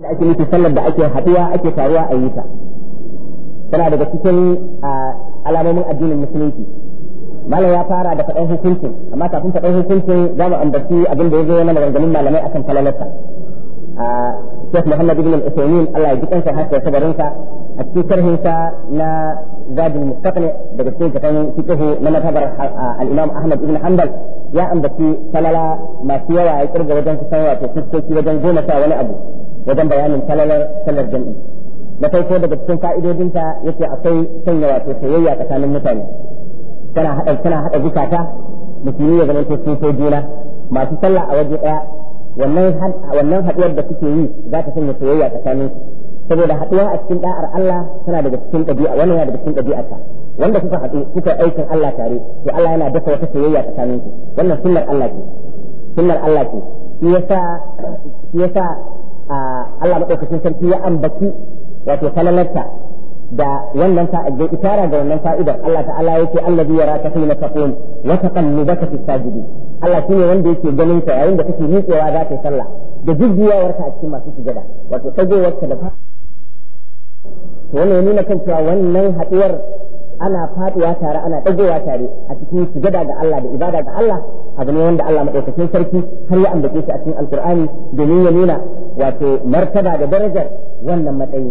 da ake nufi sallar da ake haɗuwa ake taruwa a yi ta tana daga cikin alamomin addinin musulunci malam ya fara da faɗan hukuncin amma kafin faɗan hukuncin za mu ambaci abin da ya zo na maganganun malamai akan falalarsa Sheikh Muhammad ibn al-Uthaymeen Allah ya ji kansa har da a cikin sharhinsa na Zadul Mustaqni daga cikin kitabun fiqh na madhabar al-Imam Ahmad ibn Hanbal ya ambaci falala masu yawa ya kirga wajen kusan wato fuskoki wajen goma sa wani abu wajen bayanin talalar sallar jam'i na farko daga cikin fa'idodinta yake akwai sanya wato soyayya tsakanin mutane tana haɗa tana haɗa zukata musulmi ya zama sun so juna masu sallah a waje ɗaya wannan wannan haduwar da suke yi za ta sanya soyayya tsakanin saboda haɗuwa a cikin da'ar Allah tana daga cikin ɗabi'a wannan yana daga cikin dabi'arta wanda kuka haɗu kuka aikin Allah tare to Allah yana dafa wata soyayya tsakanin su wannan sunnar Allah ce sunnar Allah ce shi yasa shi yasa Allah maɗaukacin sarki ya ambaci wato falalarta da wannan da isara ga wannan fa'idar Allah ta'ala yake allazi yaraka hina taqum wa taqallubaka fi sajidin Allah shine wanda yake ganin ka yayin da kake nutsewa za ka yi sallah da jujjuyawarka a cikin masu sujada wato tsagewarka da fa to wannan ya nuna kan cewa wannan haɗuwar ana faduwa tare ana dagewa tare a cikin sujada ga Allah da ibada ga Allah abu ne wanda Allah madaukakin sarki har ya ambace shi a cikin alkur'ani domin ya nuna wato martaba da darajar wannan matsayi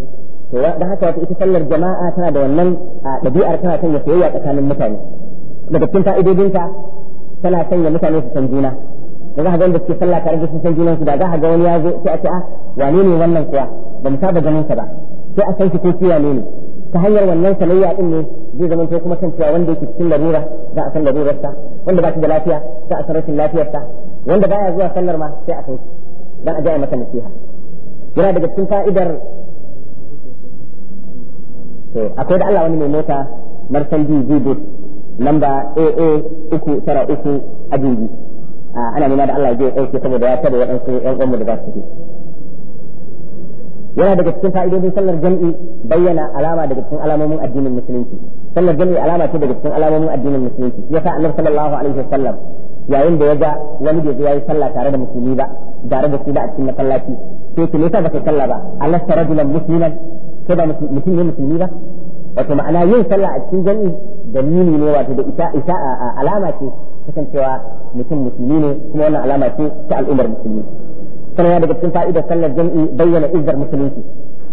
to da haka wato ita sallar jama'a tana da wannan ɗabi'ar tana sanya soyayya tsakanin mutane daga cikin fa'idodinta tana sanya mutane su san juna da za ka ga wanda suke sallah tare da su san junan da za ka ga wani ya zo sai a ce a ah, wane ne wannan kuwa ba mu saba ganin sa ba sai a san shi ko shi ne ta hanyar wannan sanayya din ne zai zama kuma san cewa wanda yake cikin larura za a san larurarsa wanda ba shi da lafiya za a san rashin lafiyarsa wanda baya zuwa sallar ma sai a san shi dan a ji masa nasiha yana daga cikin fa'idar to akwai da Allah wani mai mota Mercedes Zibit lamba AA uku tara uku ajingi ana nuna da Allah ya je aiki saboda ya taba waɗansu ƴan uwanmu da za su yana daga cikin fa'idodin sallar jam'i bayyana alama daga cikin alamomin addinin musulunci sallar jam'i alama ce daga cikin alamomin addinin musulunci ya yasa annabi sallallahu alaihi wasallam yayin da ya ga wani bai yayi sallah tare da musulmi ba tare da su ba a cikin masallaci sai ki ne ba ka sallah ba alasta rajulan musliman ko ba mutum ne musulmi ba wato ma'ana yin sallah a cikin jam'i dalili ne wato da isa isa alama ce kasancewa mutum musulmi ne kuma wannan alama ce ta al'ummar musulmi sannan ya daga cikin fa'idar sallar jam'i bayyana izzar musulunci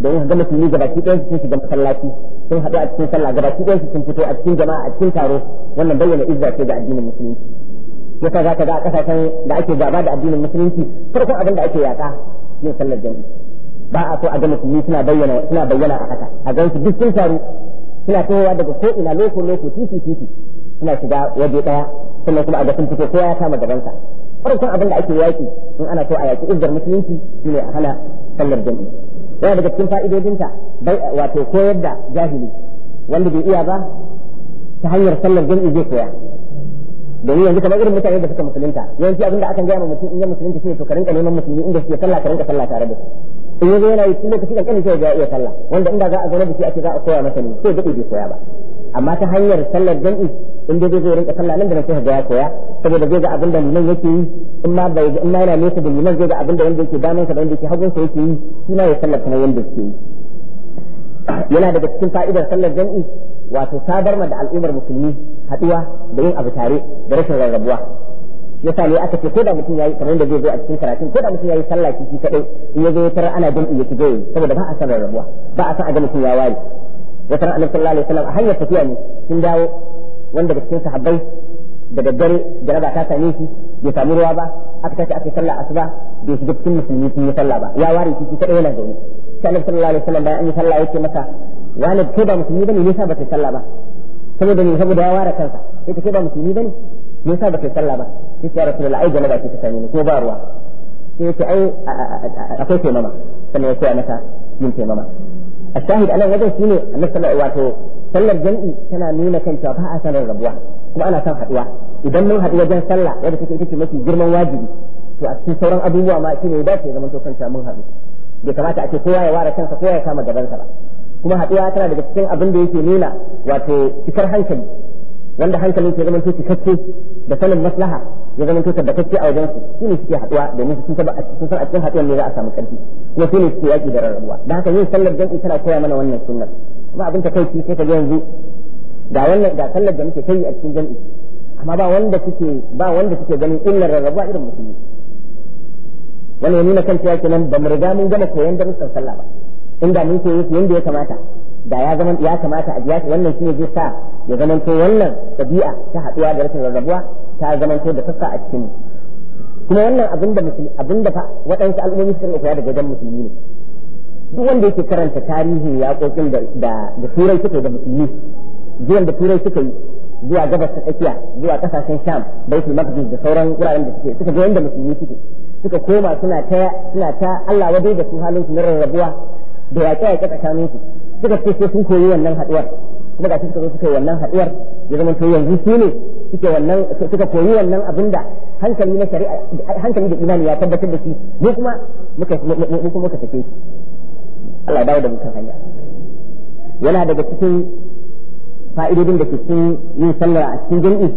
domin ga musulmi gabaki ɗayan su sun shiga masallaci sun haɗu a cikin sallah gabaki ɗayan su sun fito a cikin jama'a a cikin taro wannan bayyana izza ce ga addinin musulunci yasa za ka ga a da ake gaba da addinin musulunci farkon abin da ake yaƙa yin sallar jam'i ba a so a ga musulmi suna bayyana suna bayyana a haka a gan su duk sun taru suna tohowa daga ko ina loko loko titi titi suna shiga waje ɗaya sannan kuma a ga sun fito kowa ya kama gabansa farkon abin da ake yaki in ana so a yaki izzar musulunci shine a hana sallar jami'i yana daga cikin fa'idodinta wato koyar da jahili wanda bai iya ba ta hanyar sallar jami'i zai koya domin yanzu kamar irin mutane da suka musulunta yanzu abin da akan gaya ma mutum in ya musulunta shine to ka rinka neman musulmi inda suke sallah ka rinka sallah tare da su in yanzu yana yi lokaci kan kanin sai ya iya sallah wanda inda za a zauna da shi ake za a koya masa ne sai dade bai koya ba amma ta hanyar sallar jami'i in dai zai rinka sallah nan da nan sai ga ya koya saboda zai ga abin da liman yake yi in ma bai in ma yana nesa da liman zai ga abin da wanda yake damansa da wanda yake sa yake yi shi ma ya sallar kamar yanda yake yi yana daga cikin fa'idar sallar jam'i wato sabar da al'ummar musulmi haduwa da yin abu tare da rashin rarrabuwa yasa ne aka ce ko da mutum yayi kamar da zai zo a cikin karatun ko da mutum yayi sallah ki shi kadai in ya zo ya tarar ana jam'i ya zai saboda ba a san rarrabuwa ba a san a ga mutum ya waye wata annabi sallallahu alaihi wasallam a hanyar tafiya ne sun dawo wanda daga cikin sahabbai daga dare jaraba ta same shi bai samu ruwa ba aka tashi aka sallah asuba bai shiga cikin musulmi sun yi sallah ba ya ware shi kadai yana zaune sai annabi sallallahu alaihi wasallam bayan an yi sallah yake masa wani ke ba musulmi bane me yasa baka sallah ba saboda ne saboda ya ware kansa sai ke ba musulmi bane me yasa baka sallah ba sai ya rasu rasulullahi ai jaraba ce ta same ko ba ruwa sai yace ai akwai taimama sannan ya koya masa yin taimama الشاهد أنا وجه شيء النبي صلى الله عليه وسلم sallar jam'i tana nuna kan cewa ba a sanar rabuwa kuma ana son haduwa idan mun haɗu wajen sallah yadda take ita ce mafi girman wajibi to a cikin sauran abubuwa ma shine ya dace ya zama to kan mun haɗu bai kamata a ce kowa ya ware kansa kowa ya kama gabansa ba kuma haɗuwa tana daga cikin abin da yake nuna wato cikar hankali wanda hankalin ke zama cikakke da sanin maslaha ya zama tabbatacce a wajen su ne suke haɗuwa domin sun san a cikin haɗuwan ne za a samu ƙarfi kuma su ne suke yaƙi da rarrabuwa da haka yin sallar jam'i tana koya mana wannan sunnar amma abin takaici sai ka ga yanzu da wannan da sallar da muke kai a cikin jam'i amma ba wanda suke ba wanda suke ganin illar rarrabuwa irin musulmi wannan ya nuna kan cewa kenan ba mu riga mun gama koyon darussan sallah ba inda mun koyi yadda ya kamata da ya zama ya kamata a jiya wannan shine zai sa ya zama to wannan tabi'a ta haɗuwa da rashin rarrabuwa ta zama to da sassa a cikin kuma wannan abin da abin da waɗansu al'ummomi suka koya daga gidan musulmi ne duk wanda yake karanta tarihin yaƙoƙin da da turai suka da musulmi zuwan da turai suka yi zuwa gabas ta tsakiya zuwa ƙasashen sham baitul maqdis da sauran wuraren da suke suka ga yanda musulmi suke suka koma suna ta suna ta Allah wadai da su halin su na rarrabuwa da yaƙe-yaƙe tsakaninsu suka ce sai sun koyi wannan haduwar kuma ga suka zo suka yi wannan haduwar ya zama to yanzu su ne suke wannan suka koyi wannan abin da hankali na shari'a hankali da imani ya tabbatar da shi mu kuma muka mu kuma muka sake shi Allah ya dawo da mutum hanya yana daga cikin fa'idodin da ke cikin yin sallar a cikin jami'i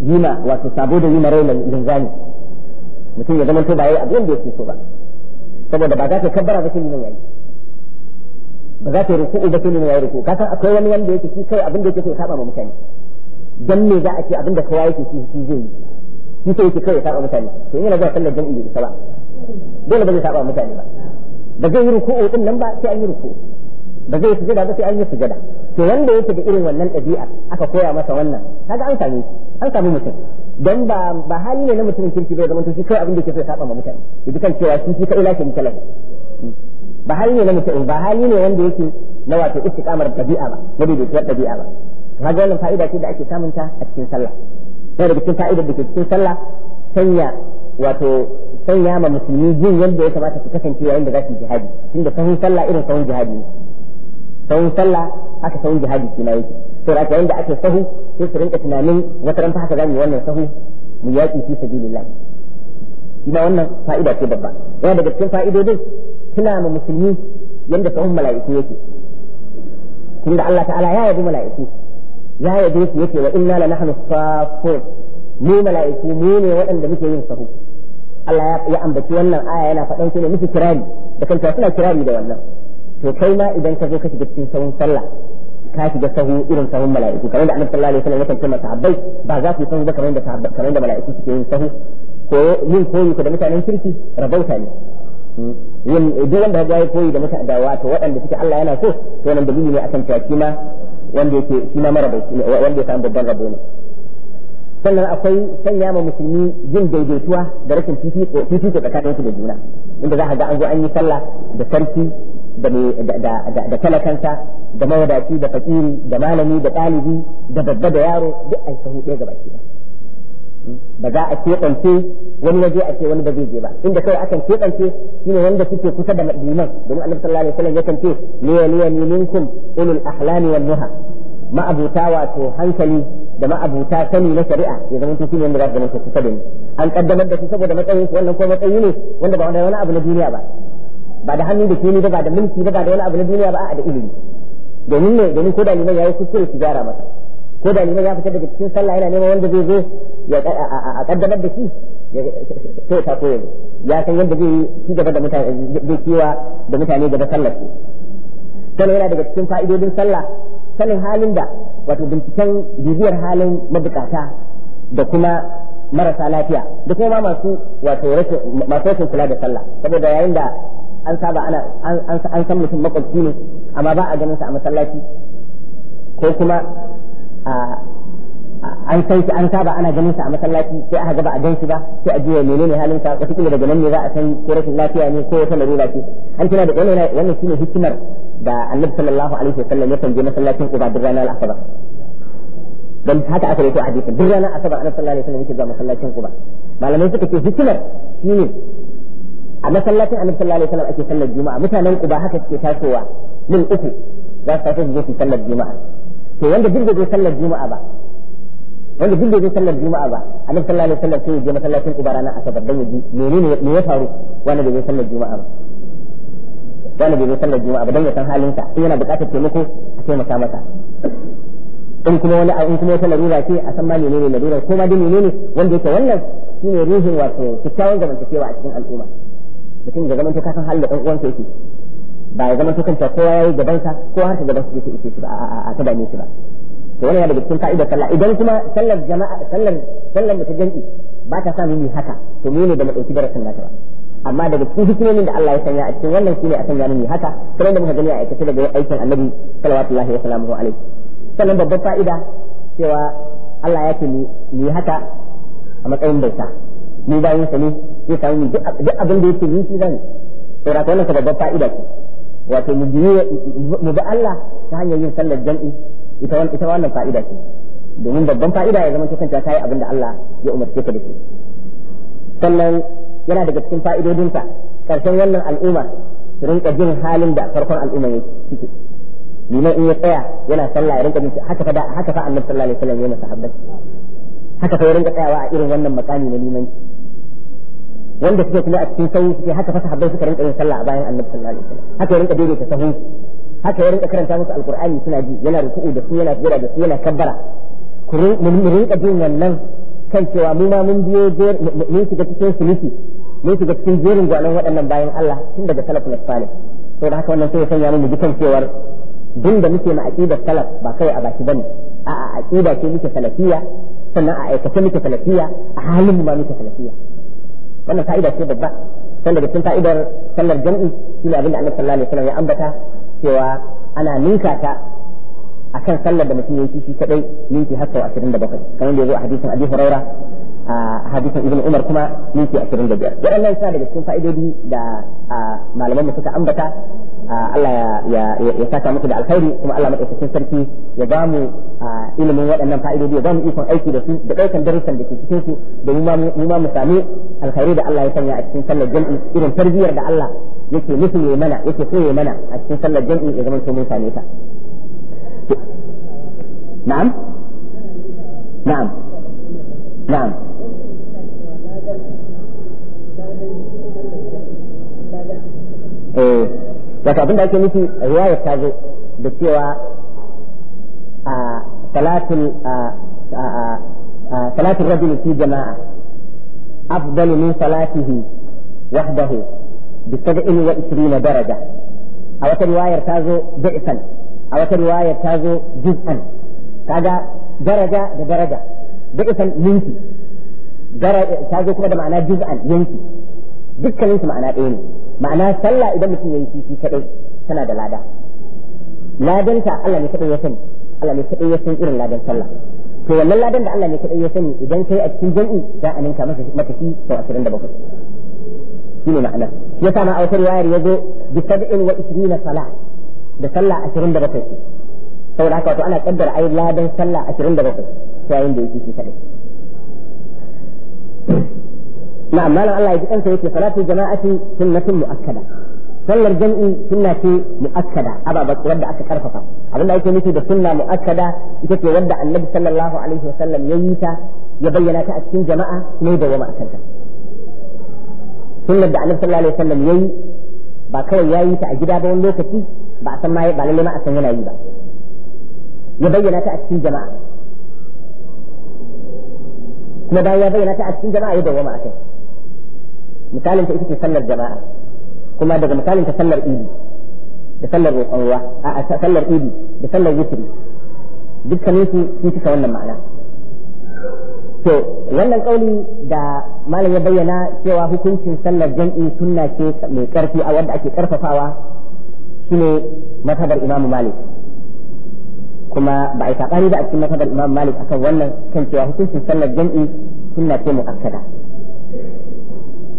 yima wato sabo da yima raina linzani mutum ya zama to ba yayi abin da yake so ba saboda ba za ka kabbara ba sai yayi ba za ta yi ruku'u ba sai ne yayi ruku'u kasan akwai wani wanda yake shi kai abin da yake so ya saba ma mutane dan me za a ce abin da kowa yake shi shi zai yi shi sai yake kai ya saba mutane to ina zuwa sallar jami'i da saba dole ba zai saba mutane ba ba zai yi ruku'u din nan ba sai an yi ruku'u ba zai sujada ba sai an yi sujada to wanda yake da irin wannan ɗabi'a aka koya masa wannan kaga an same an samu mutum dan ba ba hali ne na mutumin kirki bai zama to shi kai abin da yake so ya saba ma mutane idan kan cewa shi shi kai lafiya mutane ba hali ne na mutum ba hali ne wanda yake na wato istiqamar dabi'a ba na daidaituwar dabi'a ba kaga wannan fa'ida ce da ake samun ta a cikin sallah yana daga cikin fa'idar da ke cikin sallah sanya wato sanya ma musulmi jin yadda ya kamata su kasance yayin da za su jihadi tunda sahun sallah irin sahun jihadi ne sahun sallah haka sahun jihadi shi ma yake to da yayin da ake sahu sai su rinka tunanin wata ran fa haka zamu wannan sahu mu yaki fi sabilillah shi wannan fa'ida ce babba yana daga cikin fa'idodin tuna ma musulmi yadda sahun mala'iku yake tunda Allah ta'ala ya yabi mala'iku ya yabe su yake wa inna la nahnu safun mu mala'iku mu ne waɗanda muke yin sahu Allah ya ambaci wannan aya yana faɗan su ne musu kirari da kanta suna kirari da wannan to kai ma idan ka zo ka shiga cikin sahun sallah ka shiga sahu irin sahun mala'iku kamar da annabi sallallahu alaihi wasallam yakan ce mata abbai ba za su yi sahu ba kamar da kamar da mala'iku suke yin sahu ko yin koyi da mutanen kirki rabauta ne hmm. yin duk wanda ga ya koyi da masa adawa to waɗanda suke Allah yana so to nan dalili ne akan cewa kima wanda yake shi mara marabo wanda ya samu babban rabo ne sannan akwai sanya ma musulmi yin daidaituwa da rashin fifiko tsakanin su da juna inda za ka ga an zo an yi sallah da sarki da talakanta da mawadaci da fakiri da malami da ɗalibi da babba da yaro duk a sahu ɗaya gaba ɗaya ba za a keɓance wani waje a ce wani ba zai je ba inda kai akan keɓance shine wanda suke kusa da madinan domin annabi sallallahu alaihi wasallam yakan ce liya liya minkum ulul ahlami wal nuha ma'abuta wato hankali da ma'abuta sani na shari'a ya zama tuki ne da za su kusa da ni an kaddamar da su saboda matsayin su wannan ko matsayi ne wanda ba wani abu na duniya ba ba da hannu da kini ba ba da mulki ba ba da wani abu na duniya ba a da ilimi domin ne domin ko da liman yayi kuskure su gyara masa ko da liman ya fita daga cikin sallah yana neman wanda zai zo ya a kaddamar da shi sai ta koyo ya san yadda zai ci gaba da mutane zai kiwa da mutane gaba sallar su sannan yana daga cikin fa'idodin sallah sanin halin da wato binciken bibiyar halin mabukata da kuma marasa lafiya da kuma ma masu wato masu rashin kula da sallah saboda yayin da an saba ana an san mutum makwabci ne amma ba a ganin sa a masallaci ko kuma an san shi an saba ana ganin sa a masallaci sai aka gaba a gan shi ba sai a jiya menene halin sa wata kila daga nan ne za a san ko rashin lafiya ne ko wata larura ce an tana da wannan wannan shine hikimar da Annabi sallallahu alaihi wasallam ya tanje masallacin ku ba duk ranar asaba dan haka aka rito a hadisin duk ranar asaba Annabi sallallahu alaihi wasallam yake zuwa masallacin ba malamai suka ce hikimar shine a masallacin Annabi sallallahu alaihi wasallam ake sallar Juma'a mutanen ku ba haka suke tasowa min uku za su taso su je su sallar Juma'a to wanda duk da je sallar juma'a ba wanda duk da je sallar juma'a ba annabi sallallahu alaihi wasallam sai ya je masallacin kuba ranar asabar dan yaji menene me ya faru wanda bai sallar juma'a ba wanda bai sallar juma'a ba dan ya san halin in yana buƙatar taimako a taimaka masa in kuma wani in kuma wata larura ce a san ma menene larurar ko ma dai menene wanda yake wannan shine ruhin wato kyakkyawan zamantakewa a cikin al'umma mutum ya zama to ka san halin da ɗan uwansa yake ba ya zama tukan ta kowa yayi gaban sa ko har ta gaban sa yake ishe ba a ta dame shi ba to wannan ya daga cikin ka'idar sallah idan kuma sallar jama'a sallar sallar mutajjidi ba ta samu ni haka to mene ne da mu dauki darasin nata ba amma daga cikin hikimomin da Allah ya sanya a cikin wannan shine a sanya ni haka kuma da muka gani a aikace daga aikin Annabi sallallahu alaihi wa sallamu alaihi sannan babbar fa'ida cewa Allah ya ce ni haka a matsayin bauta ni bayan sa ne zai samu duk abin da yake ni shi zan to ra wannan babbar fa'ida ce wato mu biye mu bi Allah ta hanyar yin sallar jam'i ita wannan ita wannan fa'ida ce domin babban fa'ida ya zama kanta ta yi abin da Allah ya umarce ka da shi sannan yana daga cikin fa'idodinsa karshen wannan al'umma su rinka jin halin da farkon al'umma yake suke liman in ya tsaya yana sallah ya rinka jin haka fa haka fa annabi sallallahu alaihi wasallam ya masa haka fa ya rinka tsayawa a irin wannan makami na limanci wanda suke kuma a cikin sauyi suke haka fasa habbai suka rinka yin sallah a bayan annabi sallallahu alaihi wasallam haka ya rinka daidaita sahu haka ya rinka karanta musu alqur'ani suna ji yana ruku'u da su yana jira da su yana kabbara mu rinka jin wannan kan cewa mu ma mun biyo mun shiga cikin sulusi mun shiga cikin jerin gwanan waɗannan bayan Allah tun daga salafin salih to da haka wannan sai ya sanya mu ji kan cewar duk da muke ma aqidar salaf ba kai a baki bane a'a aqida ce muke salafiya sannan a aikace muke salafiya a halin mu ma muke salafiya wannan fa'ida ce babba san daga cikin fa'idar sallar jam'i shine abin da Annabi sallallahu alaihi wasallam ya ambata cewa ana ninka ta akan sallar da mutum yake shi kadai minti har sau 27 kamar da yazo a hadisin Abi Hurairah a hadisin Ibn Umar kuma minti 25 waɗannan suna daga cikin fa'idodi da malaman mu suka ambata Ah, Allah ya ya saka muku da alkhairi kuma Allah madaukakin sarki ya ba mu ah, ilimin waɗannan fa'idodi ya ba mu ikon aiki da su da ɗaukan darussan da ke cikin su da mu ma mu sami alkhairi da Allah ya sanya a cikin sallar jam'i irin tarbiyyar da Allah yake nufi ne mana yake so ya mana a cikin sallar jam'i ya zama mun same ta na'am na'am na'am eh wato abin da ake nufi riwayar ta zo da cewa a salatul salatul rajul fi jama'a afdalu min salatihi wahdahu bi 27 daraja a wata riwayar ta zo da'ifan a wata riwayar ta zo juz'an kaga daraja da daraja da'ifan minti ta zo kuma da ma'ana juz'an yanki dukkanin su ma'ana ɗaya ne ma'ana sallah idan mutum yayi shi shi kaɗai tana da lada ladanta Allah ne kaɗai ya sani Allah ne kaɗai ya san irin ladan sallah to wannan ladan da Allah ne kaɗai ya sani idan kai a cikin jami'i za a ninka maka maka shi sau 27 ne ma'ana shi sa ma a wata riwayar yazo bi 27 sala da sallah ashirin da 27 saboda haka wato ana kaddara ai ladan sallah ashirin da 27 yayin da yake shi kaɗai. na'am malam Allah ya ji kansa yake salatu jama'ati sunnatun muakkada sallar jam'i sunna ce muakkada ababa wadda aka karfafa abinda ake nufi da sunna muakkada ita ce wadda annabi sallallahu alaihi wasallam ya yi ta ya bayyana ta a cikin jama'a ne da wama akan ta sunnar da annabi sallallahu alaihi wasallam ya yi ba kawai ya yi ta a gida ba wani lokaci ba a san ma ba lalle ma a san yana yi ba ya bayyana ta a cikin jama'a kuma bayan ya bayyana ta a cikin jama'a ya dawwama a kai misalinta ita ce sallar jama'a kuma daga misalinta sallar idi da sallar roƙon ruwa a sallar idi da sallar witri dukkanin su sun cika wannan ma'ana to wannan kauli da malam ya bayyana cewa hukuncin sallar jam'i sunna ce mai karfi a wanda ake karfafawa shine mazhabar Imam Malik kuma ba a yi sabani ba a cikin mazhabar Imam Malik akan wannan kan cewa hukuncin sallar jam'i sunna ce muakkada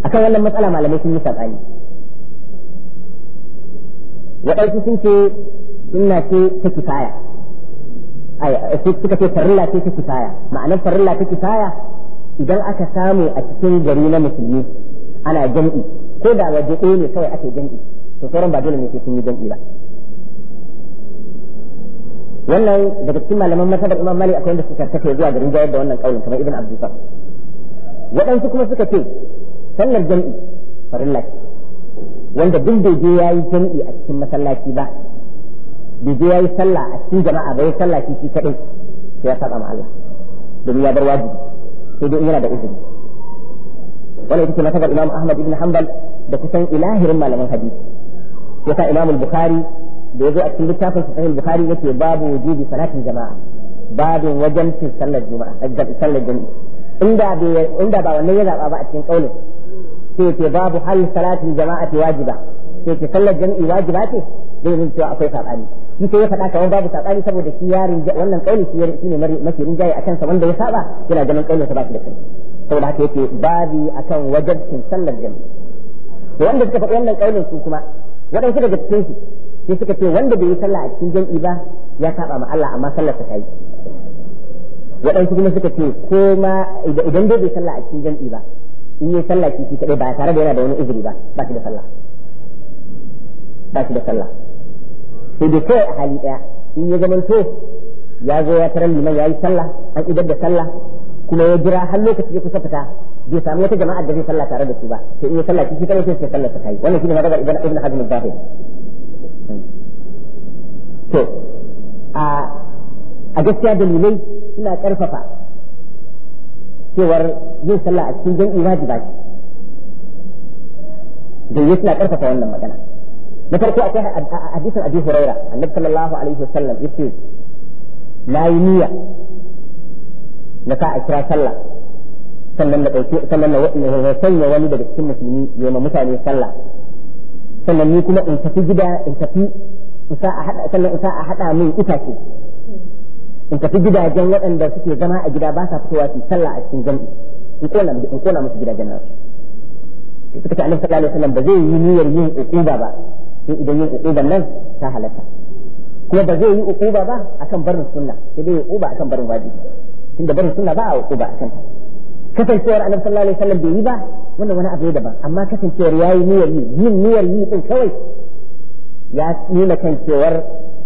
akan wannan matsala malamai sun yi saɓani waɗansu sun ce sunna ce ta kifaya suka ce farilla ce ta kifaya ma'anar farilla ta kifaya idan aka samu a cikin gari na musulmi ana jam'i ko da waje ɗaya ne kawai ake jam'i to sauran ba dole ne sai sun yi jam'i ba wannan daga cikin malaman masabar imam mali akwai wanda suka kace zuwa garin jayar da wannan kaulin kamar ibn abdul waɗansu kuma suka ce sallar jam'i farin laki wanda duk bai je yayi jam'i a cikin masallaci ba bai je yayi sallah a cikin jama'a ba yayi sallah shi shi kadai sai ya saba ma Allah domin ya bar wajibi sai dai yana da uzuri wannan ita ce masabar Imam Ahmad ibn Hanbal da kusan ilahirin malaman hadisi yasa Imam al-Bukhari da ya zo a cikin littafin Sahih al-Bukhari yake babu wujubi salatin jama'a babu wajen sallar juma'a sallar jami'i inda ba wannan ya zaba ba a cikin kaulin sai ce babu hal salatin jama'ati wajiba sai ce sallar jam'i wajiba ce zai zai cewa akwai sabani shi sai ya faɗa kamar babu sabani saboda shi yarin wannan kauli shi ne mafi rinjaye a kansa wanda ya saba yana ganin kaulin sa ba shi da kai saboda haka yake babi akan wajabcin sallar jam'i wanda suka faɗi wannan kaulin su kuma waɗansu daga cikin su sai suka ce wanda bai yi sallah a cikin jam'i ba ya saba ma Allah amma sallar sa ta yi waɗansu kuma suka ce ko ma idan dai bai sallah a cikin jam'i ba in yi sallah shi kaɗai ba tare da yana da wani izini ba ba shi da sallah ba shi da sallah sai da kai a hali ɗaya in ya to ya zo ya tarar liman ya yi sallah an idar da sallah kuma ya jira har lokaci ya kusa fita bai samu wata jama'a da zai sallah tare da su ba sai in yi sallah shi kaɗai sai sallah ta kai wannan shine magana idan ibn hazm al-zahir to a a gaskiya dalilai suna karfafa cewar yin sallah a cikin jam'i wajiba ce da yake na karfafa wannan magana na farko a hadisin Abi Huraira Annabi sallallahu alaihi wasallam yace la yi niyya na ka a kira sallah sannan na dauke sannan na na sanya wani daga cikin musulmi ya ma mutane sallah sannan ni kuma in tafi gida in tafi in sa a hada sannan in sa a hada min itace in tafi gidajen waɗanda suke zama a gida ba sa fitowa su sallah a cikin jam'i in kona musu gidajen nasu suka ce annabi sallallahu alaihi wasallam ba zai yi niyyar yin uquba ba sai idan yin uquba nan ta halatta kuma ba zai yi uquba ba akan barin sunna sai dai uquba akan barin wajibi tunda barin sunna ba a uquba akan ta kasancewar annabi sallallahu alaihi wasallam bai yi ba wannan wani abu ne daban amma kasancewar yayi niyyar yi yin niyyar yi din kawai ya nuna kan cewar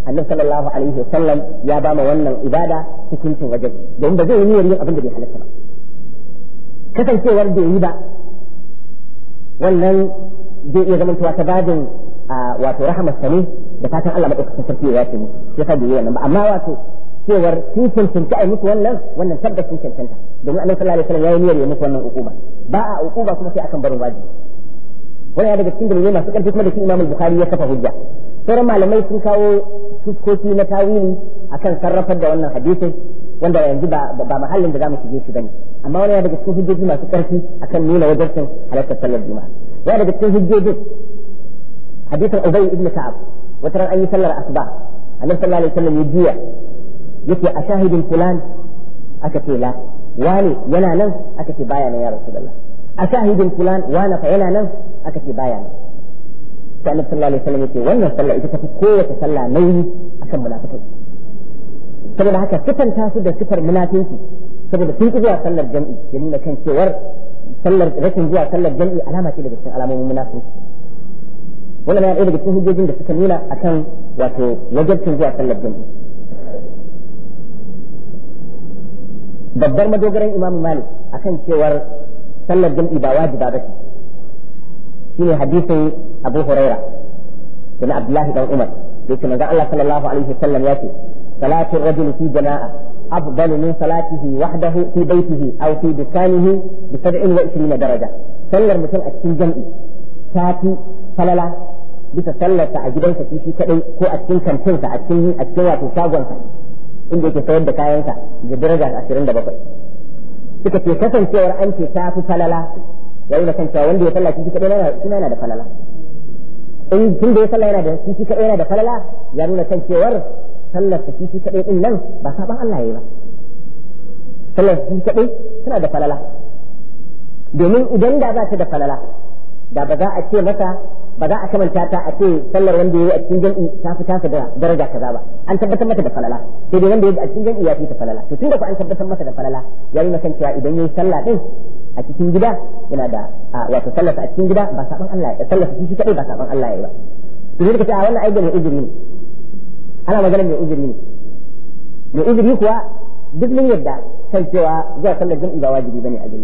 annabi sallallahu alaihi wasallam ya ba ma wannan ibada hukuncin wajen domin ba zai yi niyyar yin abin da bai halatta ba kasancewar bai yi ba wannan zai iya zamantowa ta babin wato Rahama sani da fatan Allah madaukakin sarki ya yace musu ya sa yi wannan ba amma wato cewar sun cancanta a musu wannan wannan tabbas sun cancanta domin annabi sallallahu alaihi wasallam ya yi niyyar ya musu wannan uquba ba a uquba kuma sai akan barin wajibi wannan ya daga cikin dalilai masu karfi kuma da shi imamul Bukhari ya kafa hujja sauran malamai sun kawo fuskoki na tawili akan sarrafar da wannan hadisin wanda yanzu ba mahallin da za mu shige shi bane amma wani yana daga cikin hujjoji masu karfi akan nuna wajarcin halartar sallar juma'a yana daga cikin hujjojin hadisin ubay ibn ka'ab wata ran an yi sallar asuba annabi sallallahu alaihi wasallam ya jiya yake a shahidin fulan aka ce la wani yana nan aka ce baya nan ya rasulullah a shahidin fulan wani fa yana nan aka ce baya nan sai annabi sallallahu alaihi wasallam yake wannan sallah ita tafi kowace sallah nauyi akan munafikai saboda haka sifanta su da sifar munafiki saboda sun zuwa sallar jam'i ya nuna kan cewar sallar rashin zuwa sallar jam'i alama ce daga cikin alamomin munafiki wannan yana ɗaya daga cikin hujjojin da suka nuna akan wato wajabcin zuwa sallar jam'i babbar madogaran imamu malik akan cewar sallar jam'i ba wajiba ba ce shine hadisin Abu Huraira da Abdullahi dan Umar yake manzo Allah sallallahu alaihi wasallam yake salatu rajul fi jama'a afdalu min salatihi wahdahu fi baytihi aw fi dukanihi bi 27 daraja sallar mutum a cikin jam'i ta fi falala bisa sallarsa a gidansa shi shi kadai ko a cikin kantinsa a cikin a cikin wato shagonsa inda yake sayar da kayansa da daraja 27 suka ce kasancewar an ce ta fi falala ya yi kan cewa wanda ya sallah shi kadai yana shi yana da falala in tun da ya sallah yana da shi kadai yana da falala ya nuna kan cewar sallar shi kadai din nan ba saban Allah yayi ba sallar shi kadai tana da falala domin idan da za ta da falala da ba za a ce mata ba za a kamanta ta a ce sallar wanda ya yi a cikin jam'i ta fi tasa da daraja kaza ba an tabbatar mata da falala sai dai wanda ya yi a cikin jam'i ya fi ta falala to tunda ku an tabbatar mata da falala ya nuna kan cewa idan ya yi sallah din a cikin gida yana da wato sallasa a cikin gida ba saban Allah ya sallasa shi kadai ba saban Allah ya yi ba to ne kace a wannan aikin mai izini ana magana mai izini ne mai kuwa duk mun yadda kan cewa zuwa sallar jami'i ba wajibi bane a gare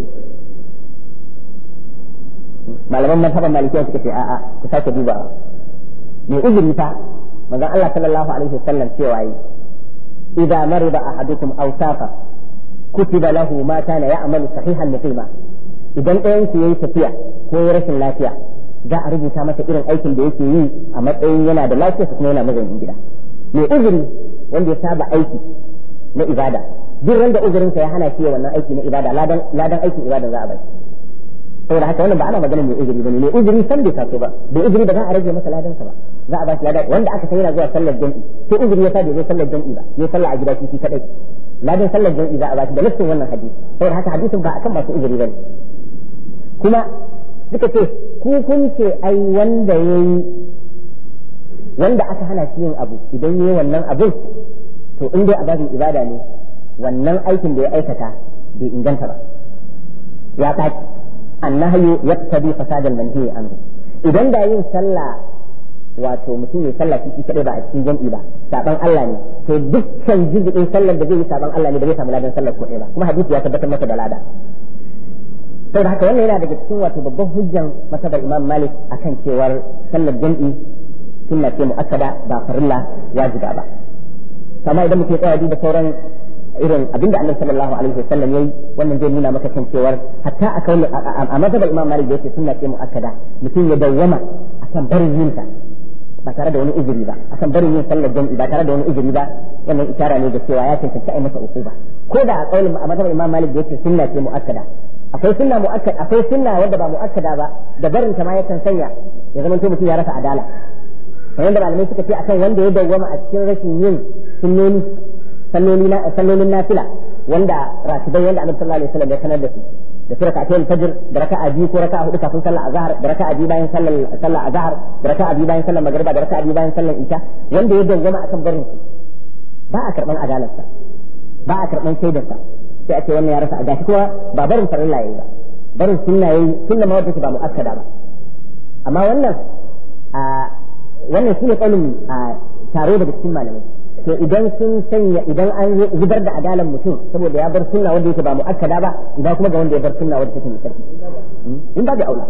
malaman mazhaban malikiya suka ce a'a ku sake duba mai izini ta manzon Allah sallallahu alaihi wasallam cewa yi idza marida ahadukum aw safa kutiba lahu ma kana ya'malu sahihan muqima idan ɗayan su yayi tafiya ko ya rashin lafiya za a rubuta masa irin aikin da yake yi a matsayin yana da lafiya kuma yana mazan gida mai uzuri wanda ya saba aiki na ibada duk randa uzurinsa ya hana shi wannan aiki na ibada ladan ladan aikin ibada za a bai saboda haka wannan ba ana magana mai uzuri bane mai uzuri san bai taso ba da uzuri ba za a rage masa ladansa ba za a ba shi ladan wanda aka san yana zuwa sallar jami'i sai uzuri ya sa bai zo sallar jami'i ba ya sallar a gida shi kadai ladan sallar jami'i za a baki da nassin wannan hadisi saboda haka hadisin ba akan masu ba bane kuma duka ce ku kun ce ai wanda yayi wanda aka hana shi yin abu idan yi wannan abin to in dai ababin ibada ne wannan aikin da ya aikata bai inganta ba ya tashi annahu yaqtadi fasadal manhi anhu idan da yin sallah wato mutum ya sallah shi kadai ba a cikin jam'i ba saban Allah ne to dukkan juz'in sallar da zai yi saban Allah ne da zai samu ladan sallar ko ba kuma hadisi ya tabbatar masa da lada da haka wannan yana daga cikin wato babban hujjan masabar Imam Malik akan cewar sallar jam'i sunna ce mu'akkada ba farilla wajiba ba kama idan mutum ya tsaya duba sauran irin abin da annabi sallallahu alaihi wasallam yayi wannan zai nuna maka kan cewar hatta a kai a madhabar imam malik da yake sunna ce muakkada mutum ya dawwama akan barin yin ta ba tare da wani izini ba akan barin yin sallar jam'i ba tare da wani izini ba wannan isara ne da cewa ya cancanci a masa uku ba ko da a kaulin a mazhabar imam malik da yake sunna ce muakkada akwai sunna muakkad akwai sunna wanda ba muakkada ba da barin ta ma kan sanya ya zama to mutum ya rasa adala kamar da malamai suka ce akan wanda ya dawwama a cikin rashin yin sunnoni sallolin nafila wanda ratibai wanda annabi sallallahu alaihi wasallam ya sanar da su da su raka'a tayin fajr da raka'a biyu ko raka'a hudu kafin sallar azhar da raka'a biyu bayan sallar sallar azhar da raka'a biyu bayan sallar magriba da raka'a biyu bayan sallar isha wanda ya dangana akan barin su ba a karban adalarsa ba a karban shaidarsa sai a ce wannan ya rasa a adashi kuma ba barin farilla yayi ba barin sunna yayi sunna ma wanda ba mu'akkada ba amma wannan a wannan shine kaulin taro daga cikin malamai to idan sun sanya idan an zubar da adalan mutum saboda ya bar sunna wanda yake ba mu'akkada ba idan kuma ga wanda ya bar sunna wanda take musarki in ba da aula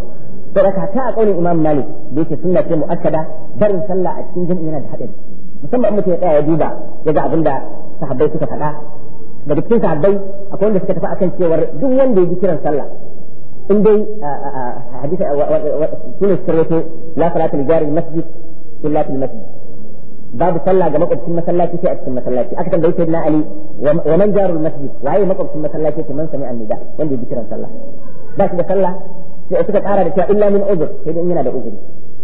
to da kaka a kaunin imam malik da yake sunna ce mu'akkada barin sallah a cikin jami'i yana da hadari musamman mutum ya tsaya ya duba ya ga abin da sahabbai suka faɗa daga cikin sahabbai akwai wanda suka tafi akan cewar duk wanda ya ji kiran sallah in dai hadisi sunan sirrato la salatul jari masjid illa fil masjid babu sallah ga makwabcin masallaci sai a cikin masallaci aka tambayi sai na ali wa man jaru masjid waye makwabcin masallaci ce man sami annida wanda ya bi kiran sallah ba shi da sallah sai suka kara da cewa illa min uzur sai dai yana da uzuri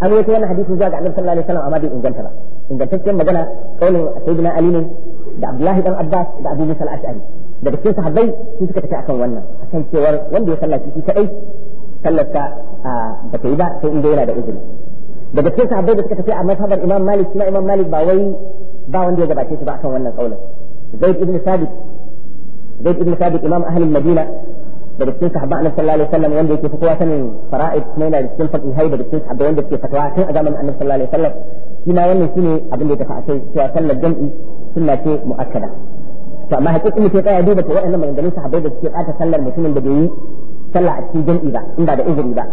an yi wannan hadisin zuwa ga annabi sallallahu alaihi wasallam amma bai inganta ba ingantaccen magana kaulin sayyidina ali ne da abdullahi dan abbas da abu musa al-ash'ari daga cikin sahabbai su suka tafi akan wannan akan cewar wanda ya sallaci shi kadai sallarsa ba ta yi ba sai inda yana da uzuri daga cikin sahabbai da suka tafi a mazhabar Imam Malik kuma Imam Malik ba wai ba wanda ya gabace shi ba akan wannan kaulin Zaid ibn Sabit Zaid ibn Sabit Imam ahlul Madina daga cikin sahabba Annabi sallallahu alaihi wasallam wanda yake fitowa sanin fara'id kuma yana cikin faqihai daga cikin sahabbai wanda suke fatawa tun a zamanin Annabi sallallahu alaihi wasallam shi ma wannan shine abin da ya tafi a kai cewa sallar jam'i sunna ce mu'akkada to amma haƙiƙa mutum ya tsaya duba ta waɗannan maganganun sahabbai da suke ɓata sallar mutumin da bai yi sallah a cikin jam'i ba in ba da uzuri ba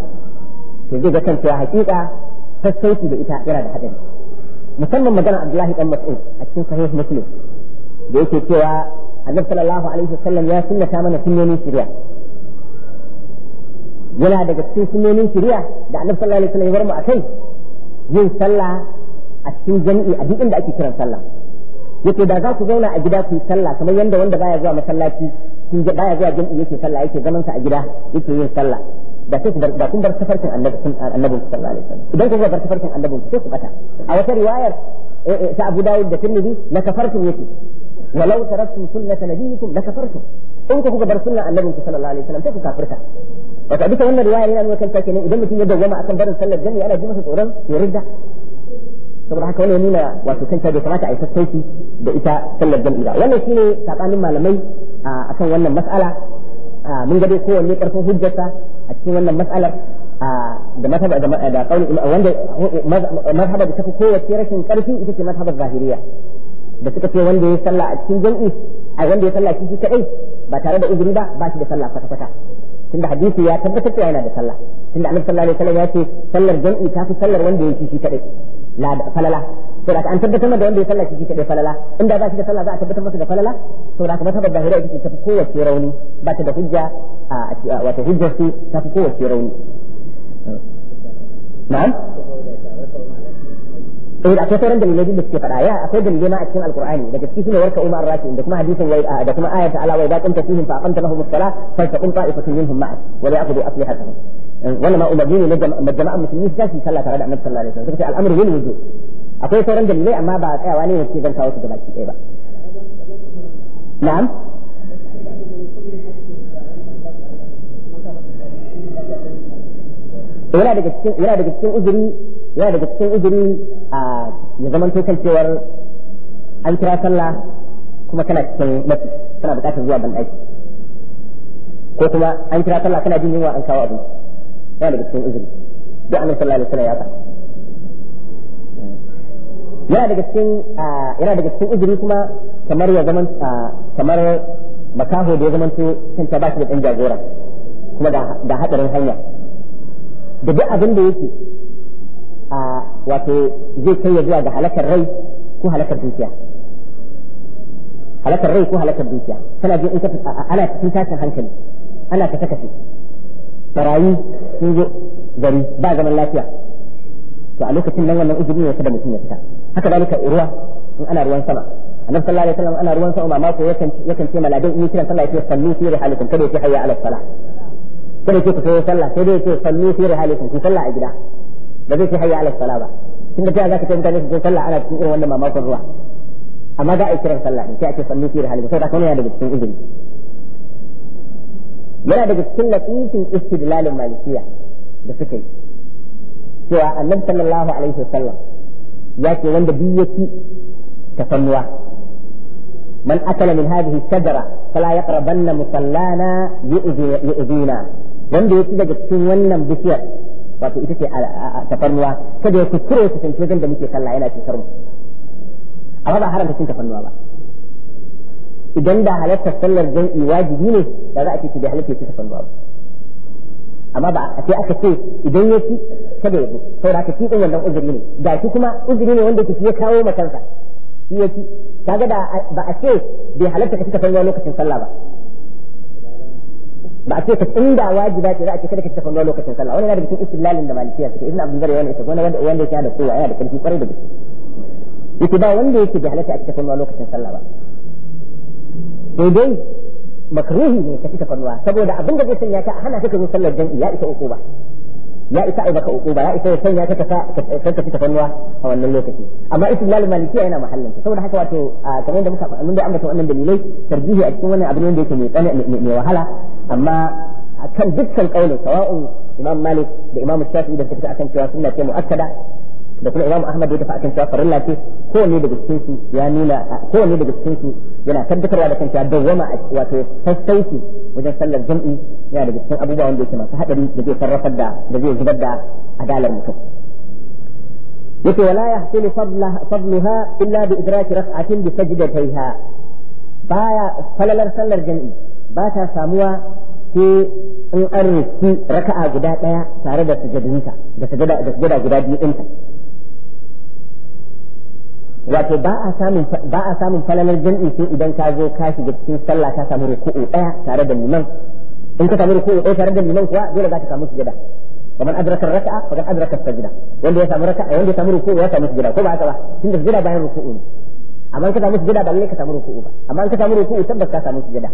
to zai ga kan cewa haƙiƙa sassauci da ita yana da hadari musamman magana Abdullahi dan Mas'ud a cikin sahih Muslim da yake cewa Annabi sallallahu alaihi wasallam ya sunnata mana sunnoni shari'a yana daga cikin sunnonin shari'a da Annabi sallallahu alaihi wasallam ya bar mu akai yin sallah a cikin jami'i a duk inda ake kiran sallah yake da za ku zauna a gida ku yi sallah kamar yanda wanda baya zuwa masallaci kun baya zuwa jami'i yake sallah yake zaman sa a gida yake yin sallah da sai ku bar da kun bar tafarkin annabi annabi sallallahu alaihi wasallam idan kuka bar tafarkin annabi sai ku bata a wata riwayar eh, eh, ta Abu Dawud da Tirmidhi la kafartum yake walau taraktum sunnata nabiyikum la kafartum in kuka bar sunnar annabi sallallahu alaihi wasallam sai ku kafirta wato bisa wannan riwaya yana nuna kanta kenan idan mutum ya dawwama akan barin sallar jami'a ana ji masa tsoron ya ridda saboda haka wani ya nuna wato kanta bai kamata a yi sassauci da ita sallar jami'a wannan shine sabanin malamai akan wannan mas'ala mun ga dai kowanne karfin hujjarsa a cikin wannan mas'alar da mazhaba da kauli wanda mazhaba da tafi kowace rashin karfi ita ce mazhabar zahiriya da suka ce wanda ya sallah a cikin jam'i a wanda ya sallah cikin kadai ba tare da izini ba ba shi da sallah kwata kwata tunda hadisi ya tabbatar cewa yana da sallah tunda annabi sallallahu alaihi wasallam ya ce sallar jam'i ta fi sallar wanda ya shi kadai la falala to da an tabbatar da wanda ya sallah shi kadai falala inda ba shi da sallah za a tabbatar masa da falala to da kuma tabbata hira ita ta kowace rauni ba ta da hujja wato hujjar su ta fi kowace rauni na'am eh da akwai sauran dalilai da suke faɗa ya akwai dalilai ma a cikin alqur'ani daga cikin shine warka umar rafi da kuma hadisin wai da kuma ayatu ala wai da kunta fihim fa aqamta lahum as-salah fa taqum ta'ifatun minhum ma'ak wa la yaqdu aslihatahum eh, wannan ma umarni ne na jama'a musulmi su tashi sallah tare da sallallahu alaihi wasallam suka ce al'amru bil akwai sauran dalilai amma ba a tsayawa ne yace zan kawo su gaba ki ba na'am yana daga cikin yana daga cikin uzuri yana daga cikin uzuri a ya zama tokan cewar an kira sallah kuma kana cikin mafi kana bukatar zuwa ban daki ko kuma an kira sallah kana jin yunwa an kawo abinci yana daga cikin uzuri duk annabi sallallahu alaihi wasallam ya faɗa yana daga cikin yana daga cikin uzuri kuma kamar ya zaman kamar makaho da ya zaman to kan ba shi da dan jagora kuma da hadarin hanya da duk abin da yake a wato zai kai ya zuwa ga halakar rai ko halakar dukiya halakar rai ko halakar dukiya kana jin in ka ana cikin tashin hankali ana kace kashe barayi sun zo gari ba zaman lafiya to a lokacin nan wannan uzuri ne kada mutum ya fita haka zalika ruwa in ana ruwan sama annabi sallallahu alaihi wasallam ana ruwan sama mako yakan yakan ce malaikun in kiran sallah yake sallu fi rihalikum kada yake hayya ala salah kada yake ku sai sallah sai dai yake sallu fi rihalikum ku sallah a gida ba zai ce hayya ala salah ba tunda ta zaka ce mutane su je sallah ana cikin irin wannan mamakon ruwa amma za a yi kiran sallah sai a ce sallu fi rihalikum sai da kuma yana daga cikin izini yana daga cikin latifin istidlalin malikiya da suka yi cewa annabi sallallahu alaihi wasallam ya ce wanda duk ya ci tafannuwa man akala min hadhihi shajara fala yaqrabanna musallana yu'dina wanda ya ci daga cikin wannan bishiyar wato ita ce tafarnuwa kada ya kuskure ya kusance wajen da muke sallah yana cikin mu amma ba haramta cin tafarnuwa ba idan da halatta sallar jan'i wajibi ne da za a ce da halarta cin tafarnuwa ba amma ba a sai aka ce idan ya ci kada ya zo saboda haka ci din wannan uzuri ne ga shi kuma uzuri ne wanda shi ya kawo ma kansa shi ya ci kaga da ba a ce bai halarta ka cika fannuwa lokacin sallah ba ba a ce ka inda wajiba ce za a ce kada ka cika fannuwa lokacin sallah wannan yana da cikin istilalin da malikiya suke ibn abdul zar yana ita wanda wanda yake da kowa yana da karfi kwarai da gaske yake ba wanda yake bai halatta a cika fannuwa lokacin sallah ba sai dai makruhi ne ka ci tafarnuwa saboda abin da zai sanya ka a hana ka yin sallar jan'i ya isa uku ba ya isa ai baka uku ba ya isa ya sanya ka ka ka ci tafarnuwa a wannan lokaci amma istilal maliki yana mahallin ta saboda haka wato kamar da muka mun da ambata wannan dalilai tarjihi a cikin wannan abin wanda yake mai mai wahala amma akan dukkan kaulin sawa'un imam malik da imam shafi'i da suka akan cewa sunna ce mu'akkada da kuma Imam Ahmad ya tafi akan cewa farilla ce kowanne daga cikin su ya nuna kowanne daga cikin su yana tabbatarwa da kanta dawwama wato sassauci wajen sallar jam'i yana daga cikin abubuwa wanda yake masu hadari da zai sarrafar da da zai zubar da adalar mutum yake wala yahsulu fadlaha illa bi idraki raf'atin bi sajdatayha baya falalar sallar jam'i ba ta samuwa sai in an ki raka'a guda daya tare da sujadinta da sujada guda biyu ɗinta wato ba a samun ba a samun falalar jam'i sai idan ka zo ka shiga cikin sallah ka samu ruku'u daya tare da liman in ka samu ruku'u daya tare da liman kuwa dole za ka samu sujada kamar adraka raka'a kamar adraka sajda wanda ya samu raka'a wanda ya samu ruku'u ya samu sujada ko ba haka ba tunda sujada bayan ruku'u ne amma in ka samu sujada ba ne ka samu ruku'u ba amma in ka samu ruku'u tabbas ka samu sujada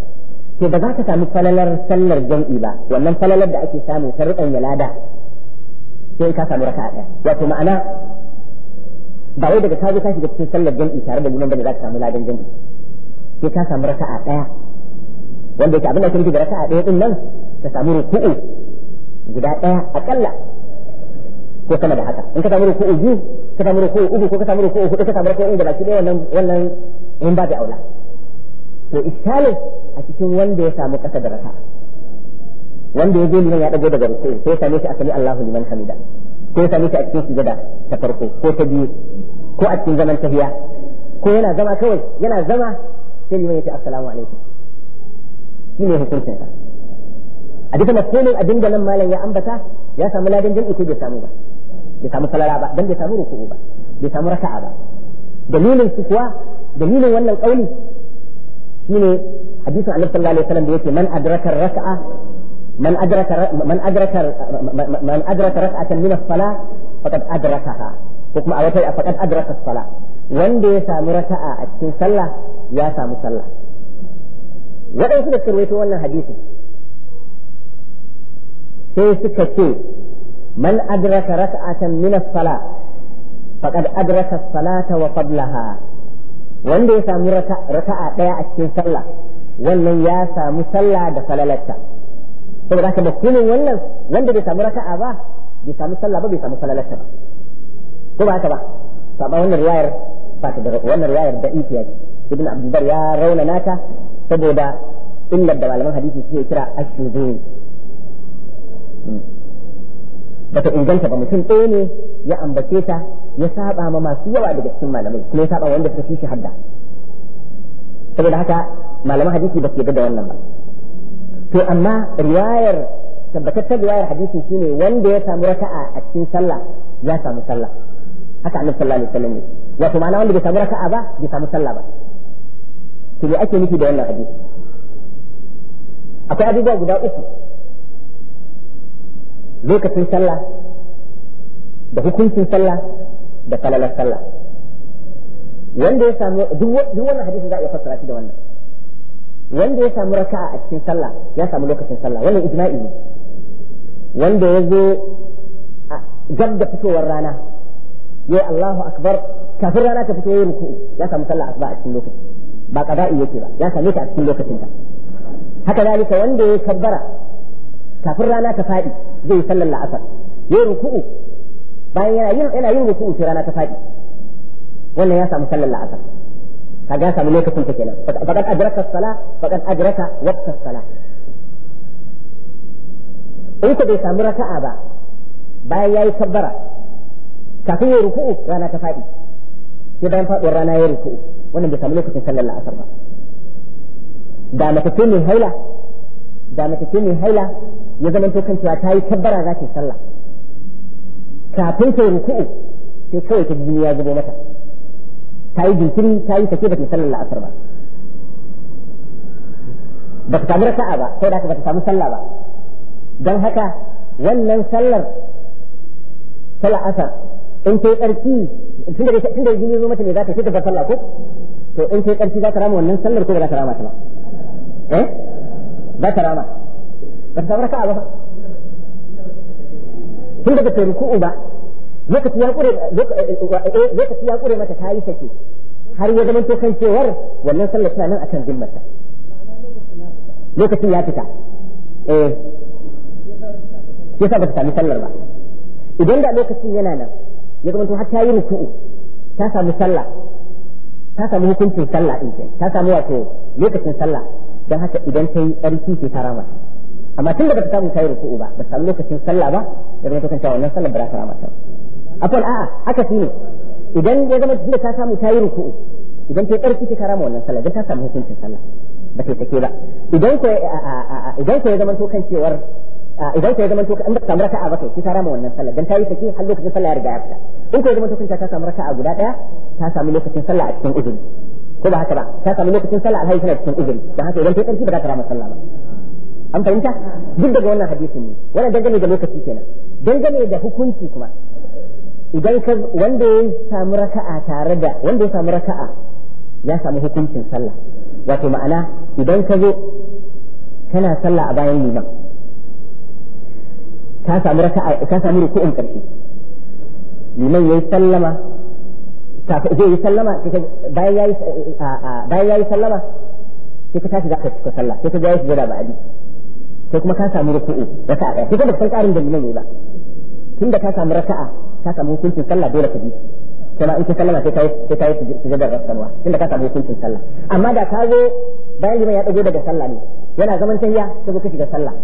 to ba za ka samu falalar sallar jam'i ba wannan falalar da ake samu ta rukan yalada sai ka samu raka'a daya wato ma'ana ba wai daga ka zo ka shiga cikin sallar jam'i tare da liman bane za ka samu ladan jam'i sai ka samu raka'a daya wanda yake abin da nufi da raka'a daya din nan ka samu ruku'u guda daya akalla ko sama da haka in ka samu ruku'u biyu ka samu ruku'u uku ko ka samu ruku'u hudu ka samu ruku'u da baki daya wannan wannan in ba da aula to iskalin a cikin wanda ya samu kasa da raka'a wanda ya zo liman ya dago daga ruku'u sai ya same shi a sami Allahu liman hamida ko ya same shi a cikin sujada ta farko ko ta biyu ko a cikin zaman tafiya ko yana zama kawai yana zama sai liman ya ce assalamu alaikum shi ne hukuncin sa a duka mafhumin a dinga nan malam ya ambata ya samu ladan jam'i ko bai samu ba bai samu falala ba dan bai samu ruku'u ba bai samu raka'a ba dalilin su kuwa dalilin wannan kauli shine hadisin annabi sallallahu alaihi wasallam da yake man adraka raka'a من أدرك من أدرك من أدرك ركعة من الصلاة فقد أدركها حكم أو فقد أدرك الصلاة wanda ya samu raka'a a cikin sallah ya samu sallah waɗansu da karwaito wannan hadisi sai suka ce man adraka raka'atan min as-sala faqad adraka as-salata wa qablaha wanda ya samu raka'a ɗaya a cikin sallah wannan ya samu sallah da falalarta saboda haka mafhumin wannan wanda bai samu raka'a ba bai samu sallah ba bai samu salalata ba ko ba haka ba saboda wannan riwayar ba ta da wannan riwayar da ifiya ce ibn abdulbar ya rauna nata saboda illa da malaman hadisi suke kira ashuzun hmm. ba ta inganta ba mutum ɗaya ne ya ambace ta ya saba ma masu yawa daga cikin malamai kuma ya saba wanda suka fi shi hadda saboda haka malaman hadisi ba su yarda da wannan ba to amma riwayar tabbataccen riwayar hadisi shine wanda ya samu raka'a a cikin sallah ya samu sallah haka annabi sallallahu alaihi wasallam wato ma'ana wanda bai samu raka'a ba bai samu sallah ba to me ake nufi da wannan hadisi akwai abubuwa guda uku lokacin sallah da hukuncin sallah da falalar sallah wanda ya samu duk wannan hadisi za a iya fassara shi da wannan wanda ya samu raka'a a cikin sallah ya samu lokacin sallah wannan ijma'i ne wanda ya zo gab da fitowar rana yayi Allahu akbar kafin rana ta fito yayin ruku'u ya samu sallah asuba a cikin lokaci ba qada'i yake ba ya same ta a cikin lokacin ta haka zalika wanda ya kabbara kafin rana ta fadi zai sallar la'asar yayin ruku'u bayan yana yin yana yin ruku'u sai rana ta fadi wannan ya samu sallar la'asar kaga samu lokacin ta kenan faqad adraka as-sala faqad adraka waqt as-sala in ka bai samu raka'a ba bayan yayi kabbara kafin ya ruku'u rana ta fadi sai bayan faduwar rana ya ruku'u wannan bai samu lokacin sallar la'asar ba da mace ce mai haila da mace ce mai haila ya zama to kan cewa ta yi kabbara za ta yi sallah kafin ta ruku'u sai kawai ta jini ya zubo mata ta yi jinkiri ta yi sake ba ta sallar la'asar ba ba ta samu raka'a ba sai da ba ta samu sallah ba don haka wannan sallar ta la'asar in ta yi tsarki tun da jini zo mata ne za ta fita ba sallah ko to in ta yi tsarki za ta rama wannan sallar ko ba za ta rama ta ba eh za ta rama ba ta samu raka'a ba tun da ba ta ruku'u ba lokaci ya kure lokaci ya kure mata ta yi sake har ya zama kan cewar wannan sallar tana nan akan zimmarsa lokacin ya fita eh ya ba ta sami sallar ba idan da lokacin yana nan ya zama har ta yi ruku'u ta samu sallah ta samu hukuncin sallah din ta samu wato lokacin sallah dan haka idan ta yi tsarki ce ta mata amma tun da ba ta samu ta yi ruku'u ba ba ta samu lokacin sallah ba ya zama kan cewa wannan sallar ba za ta ramata. ba akwai a'a aka fi ne idan ya zama tunda ta samu ta yi ruku'u idan ta yi ƙarfi ta rama wannan sallah idan ta samu hukuncin sallah ba ta take ba idan ko idan ko ya zama to kan cewar idan ko ya zama to an ba samu raka'a ba kai ta rama wannan sallah dan ta yi sake har lokacin sallah ya riga ya fita in ko ya zama to kan ta samu raka'a guda daya ta samu lokacin sallah a cikin izini ko ba haka ba ta samu lokacin sallah alhaji tana cikin izini dan haka idan ta yi ƙarfi ba za ta rama sallah ba an fahimta duk daga wannan hadisin ne wannan dangane da lokaci kenan dangane da hukunci kuma idan ka wanda ya samu raka'a tare da wanda ya samu raka'a ya samu hukuncin sallah wato ma'ana idan ka zo kana sallah a bayan liman ka samu raka'a ka samu ruku'un karshe liman yayi sallama kafin zai yi sallama bayan yayi bayan yayi sallama sai ka tashi za ka cika sallah sai ka ga yayi da ba'adi sai kuma ka samu ruku'u raka'a sai ka san karin da liman yayi ba tunda ka samu raka'a ka samu hukuncin sallah dole ka bi kuma in ka sallama sai kai sai kai sujudar rassalwa inda ka samu hukuncin sallah amma da ka zo bayan liman ya dago daga sallah ne yana zaman tahiya sai ka shiga sallah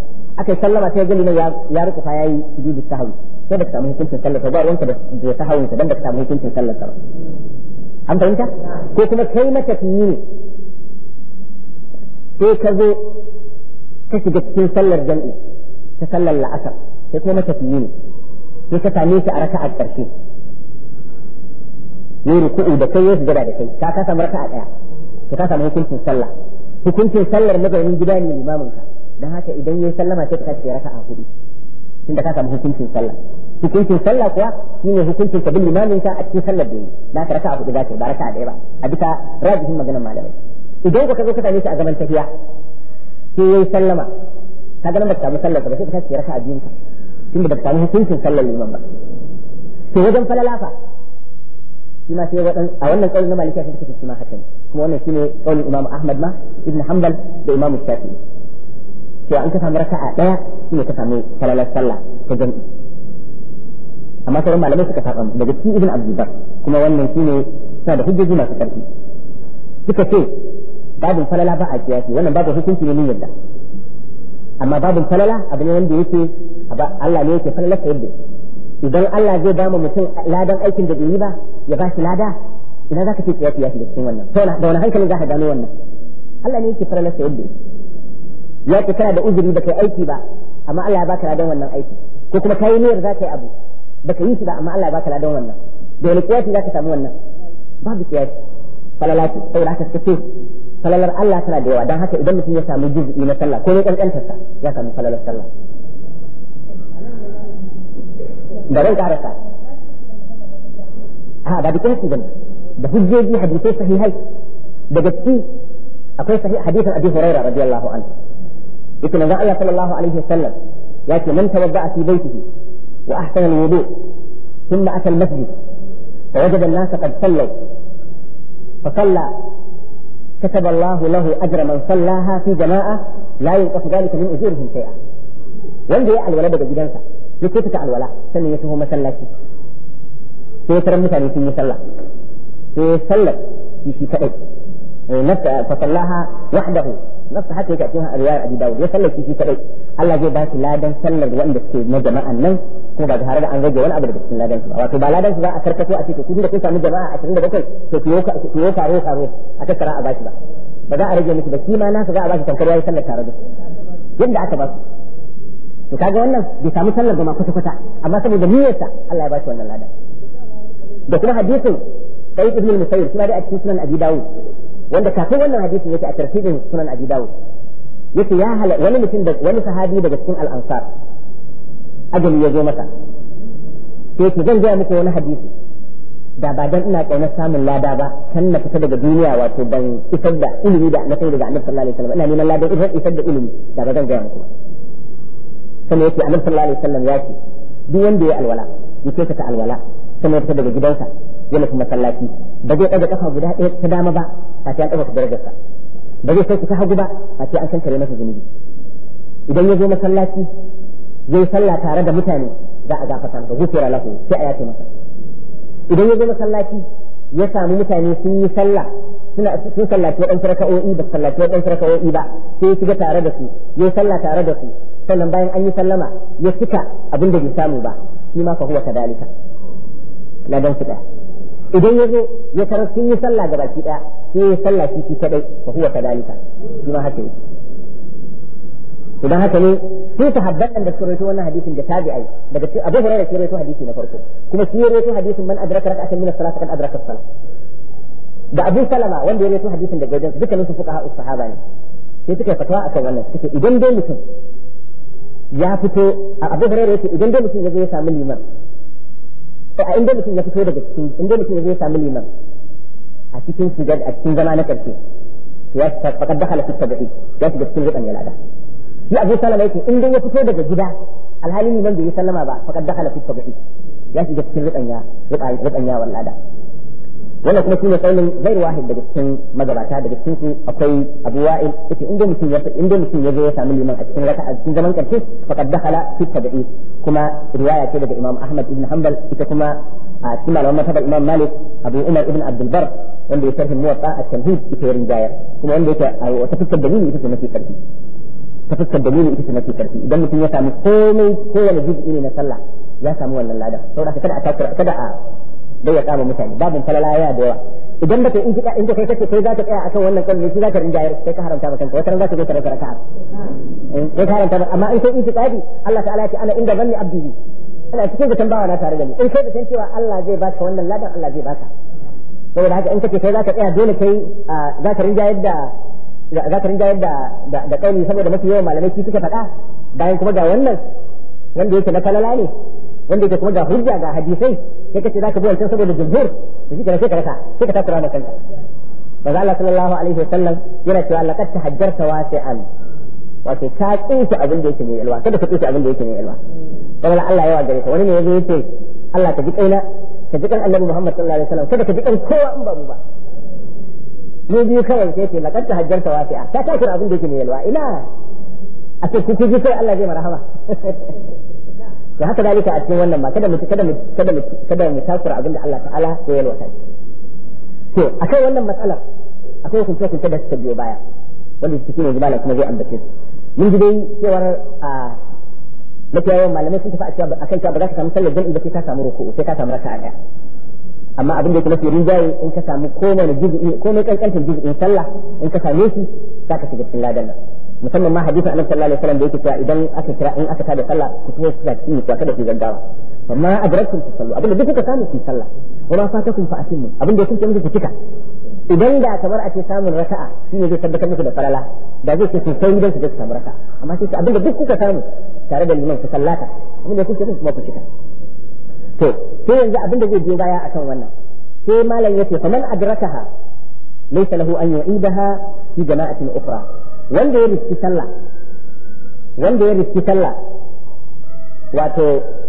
akai sallama sai gani liman ya rukufa yayi sujudu sahwi sai da ka samu hukuncin sallah ba ruwanka da sahwin ka dan da ka samu hukuncin sallah ba an fahimta ko kuma kai mata tuni ne sai ka zo ka shiga cikin sallar jam'i ta sallar la'asar sai kuma mata tuni ne sai ka same shi a raka'a ƙarshe ne ruku'u da kai ya gaba da kai ka ka marka a ɗaya to ka samu hukuncin sallah hukuncin sallar mazaunin gida ne limamin ka dan haka idan yayi sallama sai ka kace raka'a hudu tunda ka samu hukuncin sallah hukuncin sallah kuwa shine hukuncin ka bin limamin ka a cikin sallar da yi da ka raka'a hudu zaka yi ba raka'a ɗaya ba a bisa rajihin maganar malamai idan ka zo ka same shi a gaban tafiya sai yayi sallama ka ga nan ba ka samu sallar ba sai ka kace raka'a biyun ka tunda ba samu hukuncin sallar liman ba to wajen falalafa. fa shi ma sai wadan a wannan kaulin na malikiya sun kace shi ma haka ne kuma wannan shine kaulin imamu ahmad ma ibn hanbal da imamu shafi'i to an ka samu raka'a daya shine ka samu falalar sallah ta jami'i amma sauran malamai suka saba daga cikin ibn abdulbar kuma wannan shine suna da hujjoji masu karfi suka ce babin falala ba a kiyasi wannan babin hukunci ne ni yadda amma babin falala abu ne wanda yake Allah ne yake fallasa yadda idan Allah zai ba mutum ladan aikin da bai yi ba ya ba shi lada idan zaka ce kiyasi ya da cikin wannan to da wani hankali zaka gano wannan Allah ne yake fallasa yadda ya ce kana da uzuri ba yi aiki ba amma Allah ya baka ladan wannan aiki ko kuma kai niyyar zaka yi abu ba baka yi shi ba amma Allah ya baka ladan wannan da wani za ka samu wannan babu kiyasi falala ce saboda haka suka ce falalar Allah tana da yawa don haka idan mutum ya samu juz'i na sallah ko ne kankantar sa ya samu falalar sallah da ran karasa a ba ah, da kiyasi bane da hujjoji hadisai sahihai da cikin akwai sahih hadisin Abi Hurairah radiyallahu anhu yake manzon Allah sallallahu alaihi wasallam yake man tawadda'a fi baytihi wa ahsana al-wudu' thumma ata al-masjid فوجد الناس قد صلوا فصلى كتب الله له أجر من صلاها في جماعة لا ينقص ذلك من أجورهم شيئا وين جاء الولد جدانسا ya ce fita alwala sannan ya taho masallaci sai ya tarar mutane sun yi sallah sai ya sallar shi shi kadai eh, nafsa fa sallaha wahdahu nafsa haka yake cikin riwayar Abi Dawud ya sallar shi shi kadai Allah zai ba shi ladan sallar wanda suke na jama'an nan kuma ba tare da an rage wani abu da cikin ladan su ba wato ba ladan su za a karkato a cikin kudin da kun samu jama'a 27 to kiyo kiyo karo karo a tattara a shi ba ba za a rage miki ba kima ma nasa za a shi tamkar yayi sallar tare da yadda aka ba su to kaga wannan bai samu sallar ba ma kwata kwata amma saboda niyyarsa Allah ya bashi wannan ladan da kuma hadisin sai ibn al-musayyib kuma da a cikin sunan abi dawud wanda kafin wannan hadisin yake a tartibin sunan abi dawud yake ya hala wani mutum da wani sahabi daga cikin al-ansar ajali ya zo masa sai ki zan gaya muku wani hadisi da ba dan ina kaunar samun lada ba kan na fita daga duniya wato ban isar da ilimi da na kai daga annabi sallallahu alaihi wasallam ina neman ladan isar da ilimi da ba zan ga muku ba sannan yake annabi sallallahu alaihi wasallam ya ce duk wanda ya alwala ya ce ta alwala sannan ya fita daga gidansa ya kuma masallaci ba zai ɗaga kafa guda ɗaya ta dama ba ba sai an ɗaga ta darajarsa ba zai sauki ta hagu ba ba sai an kare masa zunubi idan ya zo masallaci zai sallah tare da mutane za a gafata masa gufira lahu sai a yace masa idan ya zo masallaci ya samu mutane sun yi sallah suna sun sallaci waɗansu raka'o'i ba sallaci waɗansu raka'o'i ba sai ya shiga tare da su ya sallah tare da su sannan bayan an yi sallama ya cika abin da bai samu ba shi ma fa huwa kadalika na dan fida idan ya zo ya tarar sun yi sallah ga baki daya sai ya sallah shi shi kadai fa huwa kadalika shi ma haka yake idan haka ne sai ta habban da suka rawaito wannan hadisin da tabi'ai daga cikin Abu Hurairah ke rawaito hadisi na farko kuma shi ya rawaito hadisin man adraka rak'atan min as-salati kan adraka as-salah da Abu Salama wanda ya rawaito hadisin daga wajen dukkanin su fuqaha us-sahaba ne sai suka fatawa akan wannan suka idan dai mutum ya fito a abu hurairah yake idan dai mutum ya zo ya samu liman a inda mutum ya fito daga cikin inda mutum ya zo ya samu liman a cikin shigar a cikin zama na karshe to ya ta fakat da halaka ta dadi ya shiga cikin rukan yalada shi abu salama yake in ya fito daga gida alhali liman bai yi sallama ba fakat da halaka ta dadi ya shiga cikin rukan ya rukan ya wallada wannan kuma shine kaulin ghairu wahid daga cikin magabata daga cikin su akwai Abu Wa'il yace inda mutum ya inda mutum ya zo ya samu liman a cikin raka'a cikin zaman karshe faqad dakhala fi tad'i kuma riwaya ce daga Imam Ahmad ibn Hanbal ita kuma a cikin malaman matabar Imam Malik Abu Umar ibn Abdul Bar wanda ya sharhi muwatta a tamhid ita yarin jaya kuma wanda yake a wata fuskar dalili ita ce mafi karfi ta dalili ita ce mafi karfi idan mutum ya samu komai kowane juz'i ne na sallah ya samu wannan ladan saboda kada a kada a bai ya kama mutane babin falala ya da yawa idan ba in kika in kai kace kai za ka tsaya akan wannan kalmi shi za ka rinjayar sai ka haramta maka wata ran za ka je ka in raka'a eh, sai ka haramta amma in kai intiqadi Allah ta'ala ce ana inda zanni abdi ana cikin da tambawa na tare da ni in kai da san cewa Allah zai ba ka wannan ladan Allah zai ba ka saboda haka in kace kai za ka tsaya dole kai za ka rinjayar da za ka rinjaye da da kauli saboda mafi yawan malamai shi suka faɗa bayan kuma ga wannan wanda yake na falala ne wanda yake kuma ga hujja ga hadisai sai kace zaka bi wancan saboda jumhur to shi sai ka rasa sai ka takura kanka bazan Allah sallallahu alaihi wasallam yana cewa laqad tahajjarta wasi'an wato ka tsinta abin da yake ne yalwa kada ka tsinta abin da yake ne yalwa kamar Allah yawa gare ka wani ne yaje yace Allah ka ji kaina ka ji kan Annabi Muhammad sallallahu alaihi wasallam kada ka ji kan kowa in ba mu ba ne bi kawai sai ce laqad tahajjarta wasi'an ka takura abin da yake ne yalwa ina a ce kuke ji sai Allah zai marhaba da haka dalika a cikin wannan ba kada mu kada mu kada mu kada mu takura abinda Allah ta'ala ya yi wata to akai wannan matsalar akwai hukunce ta da suka biyo baya wanda su cikin jibala kuma zai ambace su mun ji dai cewar a mafiya malamai sun tafi a kan cewa ba za ka samu sallar jami'i ba sai ka samu ruku sai ka samu raka'a daya amma abin da yake mafi rinjaye in ka samu komai na juz'i komai kankantar juz'in sallah in ka same shi za ka shiga cikin ladan nan musamman ma hadisi annabi sallallahu alaihi wasallam da yake cewa idan aka kira in aka tada sallah ku kuma suna ci ku kada ku gaggawa amma adrakum ku sallu abinda duk kuka samu ku sallah wa ma fatakum fa atimmu abinda kuke muku ku cika idan da kamar a ce samun raka'a ne zai tabbatar muku da farala da zai ce ku sai idan ku samu raka'a amma sai abinda duk kuka samu tare da liman ku sallata abinda kuke muku kuma ku cika to sai yanzu abinda zai je baya akan wannan sai malam yace faman adrakaha laysa lahu an yu'idaha fi jama'atin ukhra wanda ya riski sallah wanda ya riski sallah wato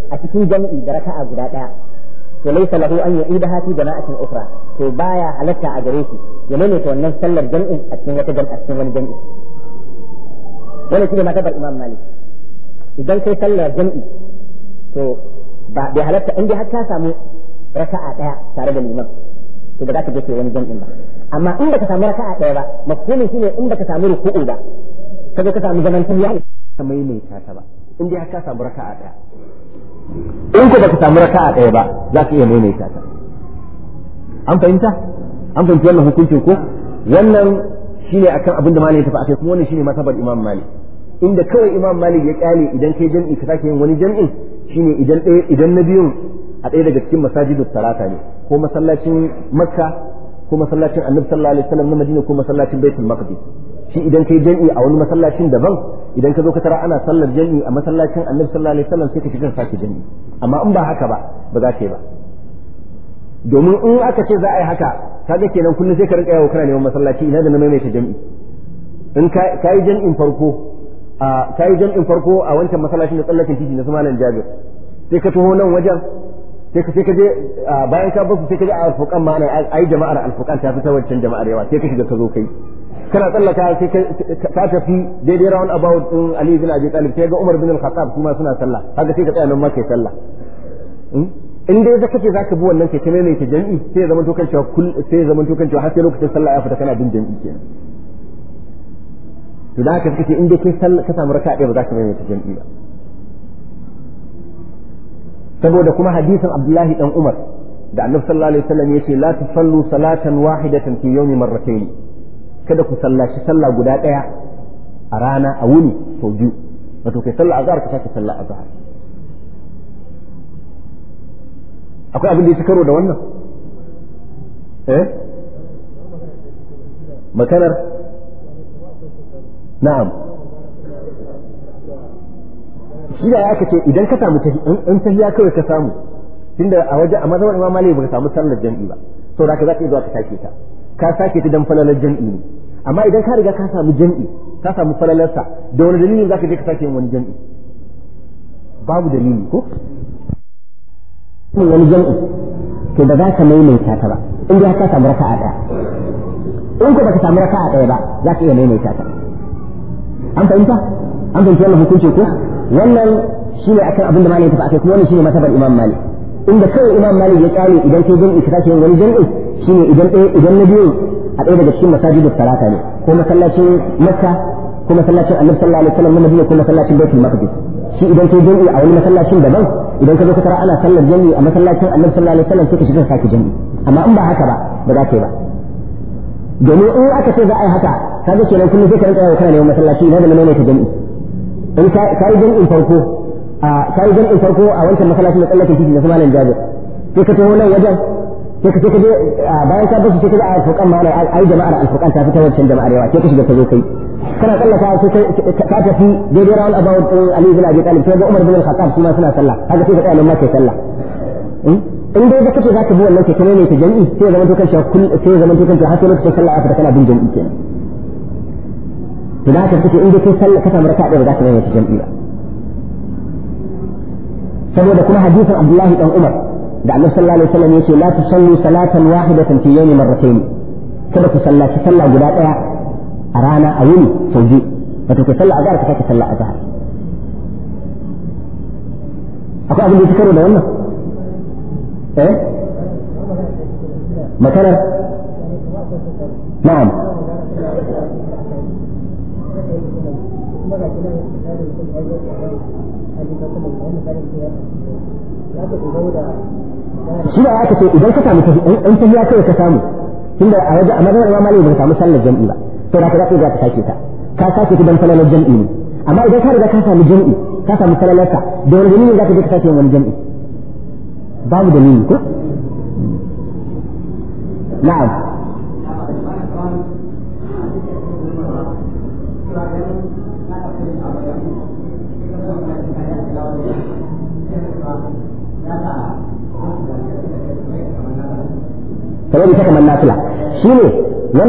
a cikin jami'i da raka'a guda daya to laysa lahu an yu'idaha fi jama'atin ukhra to baya halatta a gare shi ya ne ta wannan sallar jami'in a cikin wata jami'a cikin wani jami'i wannan shine matabar imam malik idan sai sallar jami'i to ba bai halatta in dai har ka samu raka'a daya tare da liman to ba za ka je wani jami'in ba amma in baka samu raka'a ɗaya ba mafhumin shine in baka samu ruku'u ba kaga ka samu zaman tahiya ka maimaita ta ba in dai ka samu raka'a daya in ko baka samu raka'a ɗaya ba za ka iya maimaita ta an fahimta an fahimci wannan hukuncin ko wannan shine akan abin da malami ya tafi akai kuma wannan shine masabar imam malik inda kawai imam malik ya kyale idan kai jam'i ka sake yin wani jami'in shine idan idan na biyun a ɗaya daga cikin masajidus salata ne ko masallacin makka ko masallacin annabi sallallahu alaihi wasallam na madina ko masallacin baitul maqdis shi idan kai jami'i a wani masallacin daban idan ka zo ka tara ana sallar jami'i a masallacin annabi sallallahu alaihi wasallam sai ka shiga sake jami'i amma in ba haka ba ba za ka yi ba domin in aka ce za a yi haka kaga kenan kullum sai ka rinka yawo kana neman masallaci ina da na maimaita jami'i in ka yi jami'in farko a ka yi jami'in farko a wancan masallacin da tsallakin titi na su malam jabir sai ka taho nan wajen sai ka sai ka je bayan ka basu sai ka je alfuqan ma ana ai jama'ar alfuqan ta fi ta wancan jama'ar yawa sai ka shiga ka zo kai kana tsallaka sai ka tafi daidai round about din Ali bin Abi Talib sai ga Umar bin Al-Khattab kuma suna sallah haka sai ka tsaya nan ma kai sallah hmm? in dai zaka ce zaka bi wannan kai ta mai ta jami'i sai ya zama to kan cewa kul sai zaman to kan cewa har sai lokacin sallah ya fita kana bin jami'i kenan to da haka kace in dai kai sallah ka samu raka'a ba za ka mai ta jami'i ba saboda kuma hadisin abdullahi dan umar da annabi sallallahu alaihi wasallam ce la tusallu salatan wahidatan fi yawmi marratayn kada ku sallaci sallah guda daya a rana a wuni sau biyu wato kai sallah azhar ka sake sallah azhar akwai abin da ya ci karo da wannan eh makanar na'am shi da aka ce idan ka samu in tafiya kawai ka samu tunda a waje a mazhabar imam malik baka samu sallar jam'i ba to da ka za ka zuwa ka sake ta ka sake ta dan falalar jam'i ne amma idan ka riga ka samu jam'i ka samu falalarsa da wani dalili za je ka sake wani jam'i babu dalili ko wani jam'i to ba za ka maimaita ta ba in ka ka samu raka'a daya in ka baka samu raka'a daya ba za ka iya maimaita ta an fahimta an fahimta Allah hukunci ko wannan shi ne akan abin da malai ta akai kuma wannan ne matabar imam malik inda kawai imam malik ya kyale idan kai jami'i ka tashi wani jami'i shine idan ɗaya idan na biyu a ɗaya daga cikin masajidus salata ne ko masallacin makka ko masallacin annabi sallallahu alaihi wasallam na madina ko masallacin baitul maqdis shi idan kai jami'i a wani masallacin daban idan ka zo ka tara ana sallar jami'i a masallacin annabi sallallahu alaihi wasallam sai ka shiga sake jami'i amma in ba haka ba ba za ka yi ba domin in aka ce za a yi haka kaga kenan kullum sai ka rinka yawo kana neman masallaci idan da ne ta jami'i in ka yi jam'in farko a ka yi jam'in farko a wancan masallaci na tsallakin titi na su malam jabir sai ka taho nan wajen sai ka je bayan ka bashi sai ka ga alfuqan ma ai jama'ar alfuqan ta fita wancan jama'ar yawa sai ka shiga ka zo kai kana tsallaka sai ka tafi daidai rawal about din ali ibn abi talib sai ga umar bin al-khattab kuma suna sallah haka sai ka tsaya nan ma ke sallah hmm? in dai da kace za ka bi wannan kai ne ta jami'i sai zaman to kan sai zaman to kan har sai lokacin sallah aka kana bin jami'i kenan to da haka suke inda kai sallah ka samu raka'a ɗaya ba za ka mai jam'i ba saboda kuma hadisin Abdullahi dan Umar da allah sallallahu alaihi wasallam yace la tusallu salatan wahidatan fi yawmi marratayn kada ku sallaci sallah guda ɗaya a rana a wuni sau biyu wato ka sallah azhar ka sake sallah azhar akwai abin da ya karo da wannan eh makarar na'am kuma ga kinan misalin sun ɗago tsoron hajjika kuma wani ya za ka dubo da shi da aka ce idan ka samu in tafiya kawai ka samu tunda a wajen amma zan mali ban samu sallar jam'i ba to da ka za ka sake ta ka sake ta dan sallar jam'i ne amma idan ka riga ka samu jam'i ka samu salalarka da wani dalili za ka je ka sake wani jam'i babu dalili ko na'am kamar ita kamar nafila shi ne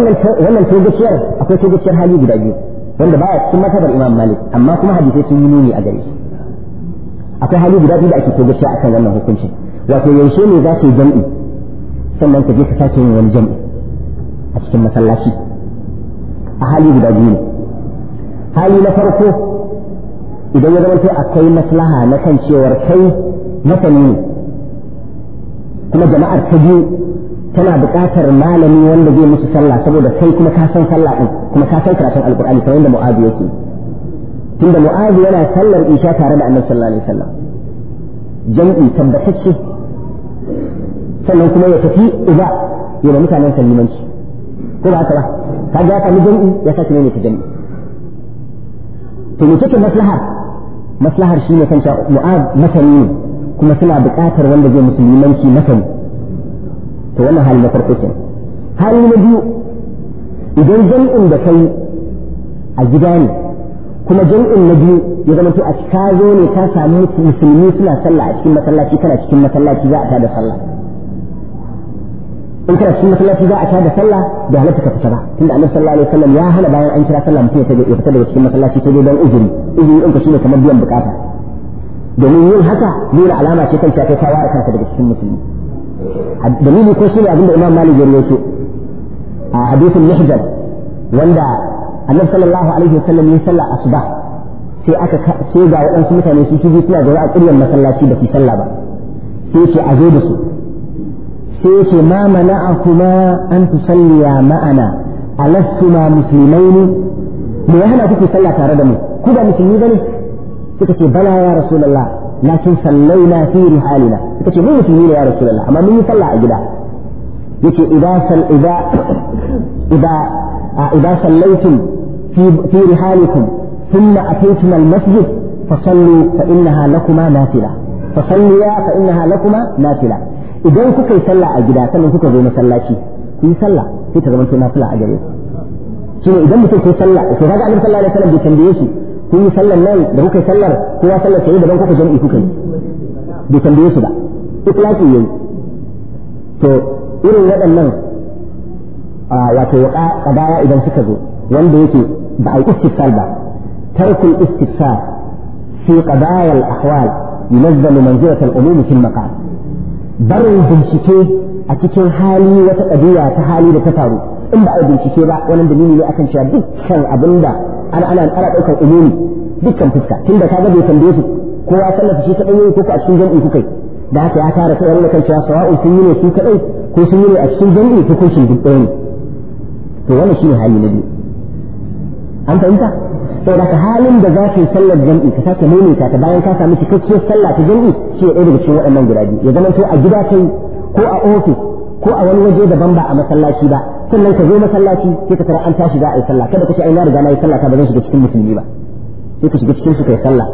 wannan togaciyar akwai togaciyar hali guda biyu wanda baya cikin matabar imam malik amma kuma hadisai sun yi nuni a gare shi akwai hali guda biyu da ake togaciya akan wannan hukuncin wato yaushe ne za ka yi jam'i sannan ka je ka sake yin wani jam'i a cikin masallaci a hali guda biyu ne hali na farko idan ya zama akwai maslaha na kan cewar kai masani ne kuma jama'ar ta biyu tana buƙatar malami wanda zai musu sallah saboda kai kuma ka san sallah din kuma ka san karatun alqur'ani kamar yadda mu'azu yake tunda mu'azu yana sallar isha tare da annabi sallallahu alaihi wasallam jam'i tabbatacce sannan kuma ya tafi uba ya da mutanen sallimanci ko ba haka ba ka ga ka jam'i ya sake ne ta jam'i to me take maslaha maslahar shine kanta mu'az masani kuma suna buƙatar wanda zai musulmanci masani to wannan hali na farko ke hali na biyu idan jam'in da kai a gida ne kuma jam'in na biyu ya zama to a ka zo ne ka samu musulmi suna sallah a cikin masallaci kana cikin masallaci za a tada sallah in kana cikin masallaci za a tada sallah da halatta ka fita ba tunda annabi sallallahu alaihi wasallam ya hana bayan an kira sallah mutum ya fita daga cikin masallaci ta don uzuri uzuri in ka shine kamar biyan bukata domin yin haka nuna alama ce kan ta kai ka ware kanka daga cikin musulmi dalili ko shine abinda imam malik ya rawaito a hadisin mihjab wanda annabi sallallahu alaihi wasallam ya salla asuba sai aka sai ga waɗansu mutane su shige suna zaune a ƙuryar masallaci da su sallah ba sai ce a zo da su sai ce ma mana'akuma an tusalliya ma'ana alastuma muslimaini me ya hana kuke sallah tare da mu ku ba musulmi bane suka ce bala ya rasulullah lakin sallaina fi rihalina kace mu musulmi ne ya rasulullah amma mun yi sallah a gida yace idza sal idza idza idza sallaitum fi fi rihalikum thumma ataytum al masjid fasallu fa innaha lakuma nafila fasalliya fa innaha lakuma nafila idan kuka yi sallah a gida sannan kuka zo masallaci ku yi sallah sai ta zama nafila a gare ku shine idan mutum ke sallah to kaga annabi sallallahu alaihi wasallam bai tambaye shi kun yi sallar nan da kuka sallar kowa sallar sai daban kuka jami'i kuka yi bai tambaye su ba ikhlasi yayi to irin waɗannan wato waka kadaya idan suka zo wanda yake ba a yi istifsar ba tarkul istifsar fi qadaya al-ahwal yunazzalu manzilat umum fi maqam barin bincike a cikin hali wata ƙabiya ta hali da ta faru in ba a bincike ba wannan dalili ne akan cewa dukkan abinda ana ana ana daukar umumi dukkan fuska tunda ga bai tambaye su kowa sallafa shi kadai ne ko a cikin jam'i kuka da haka ya tara sai wannan kan cewa sawau sun yi ne su kaɗai ko sun yi ne a cikin jami'i hukuncin duk ɗaya ne to wannan shine hali na biyu an fahimta saboda ka halin da za ka yi sallar jam'i ka sake maimaita ta bayan ka sami cikakkiyar sallah ta jam'i shi ɗaya daga cikin waɗannan guda biyu ya zama to a gida kai ko a ofis ko a wani waje daban ba a masallaci ba sannan ka zo masallaci sai ka tara an tashi za a yi sallah kada ka ce ai na riga na yi sallah ta ba zan shiga cikin musulmi ba sai ka shiga cikin su kai sallah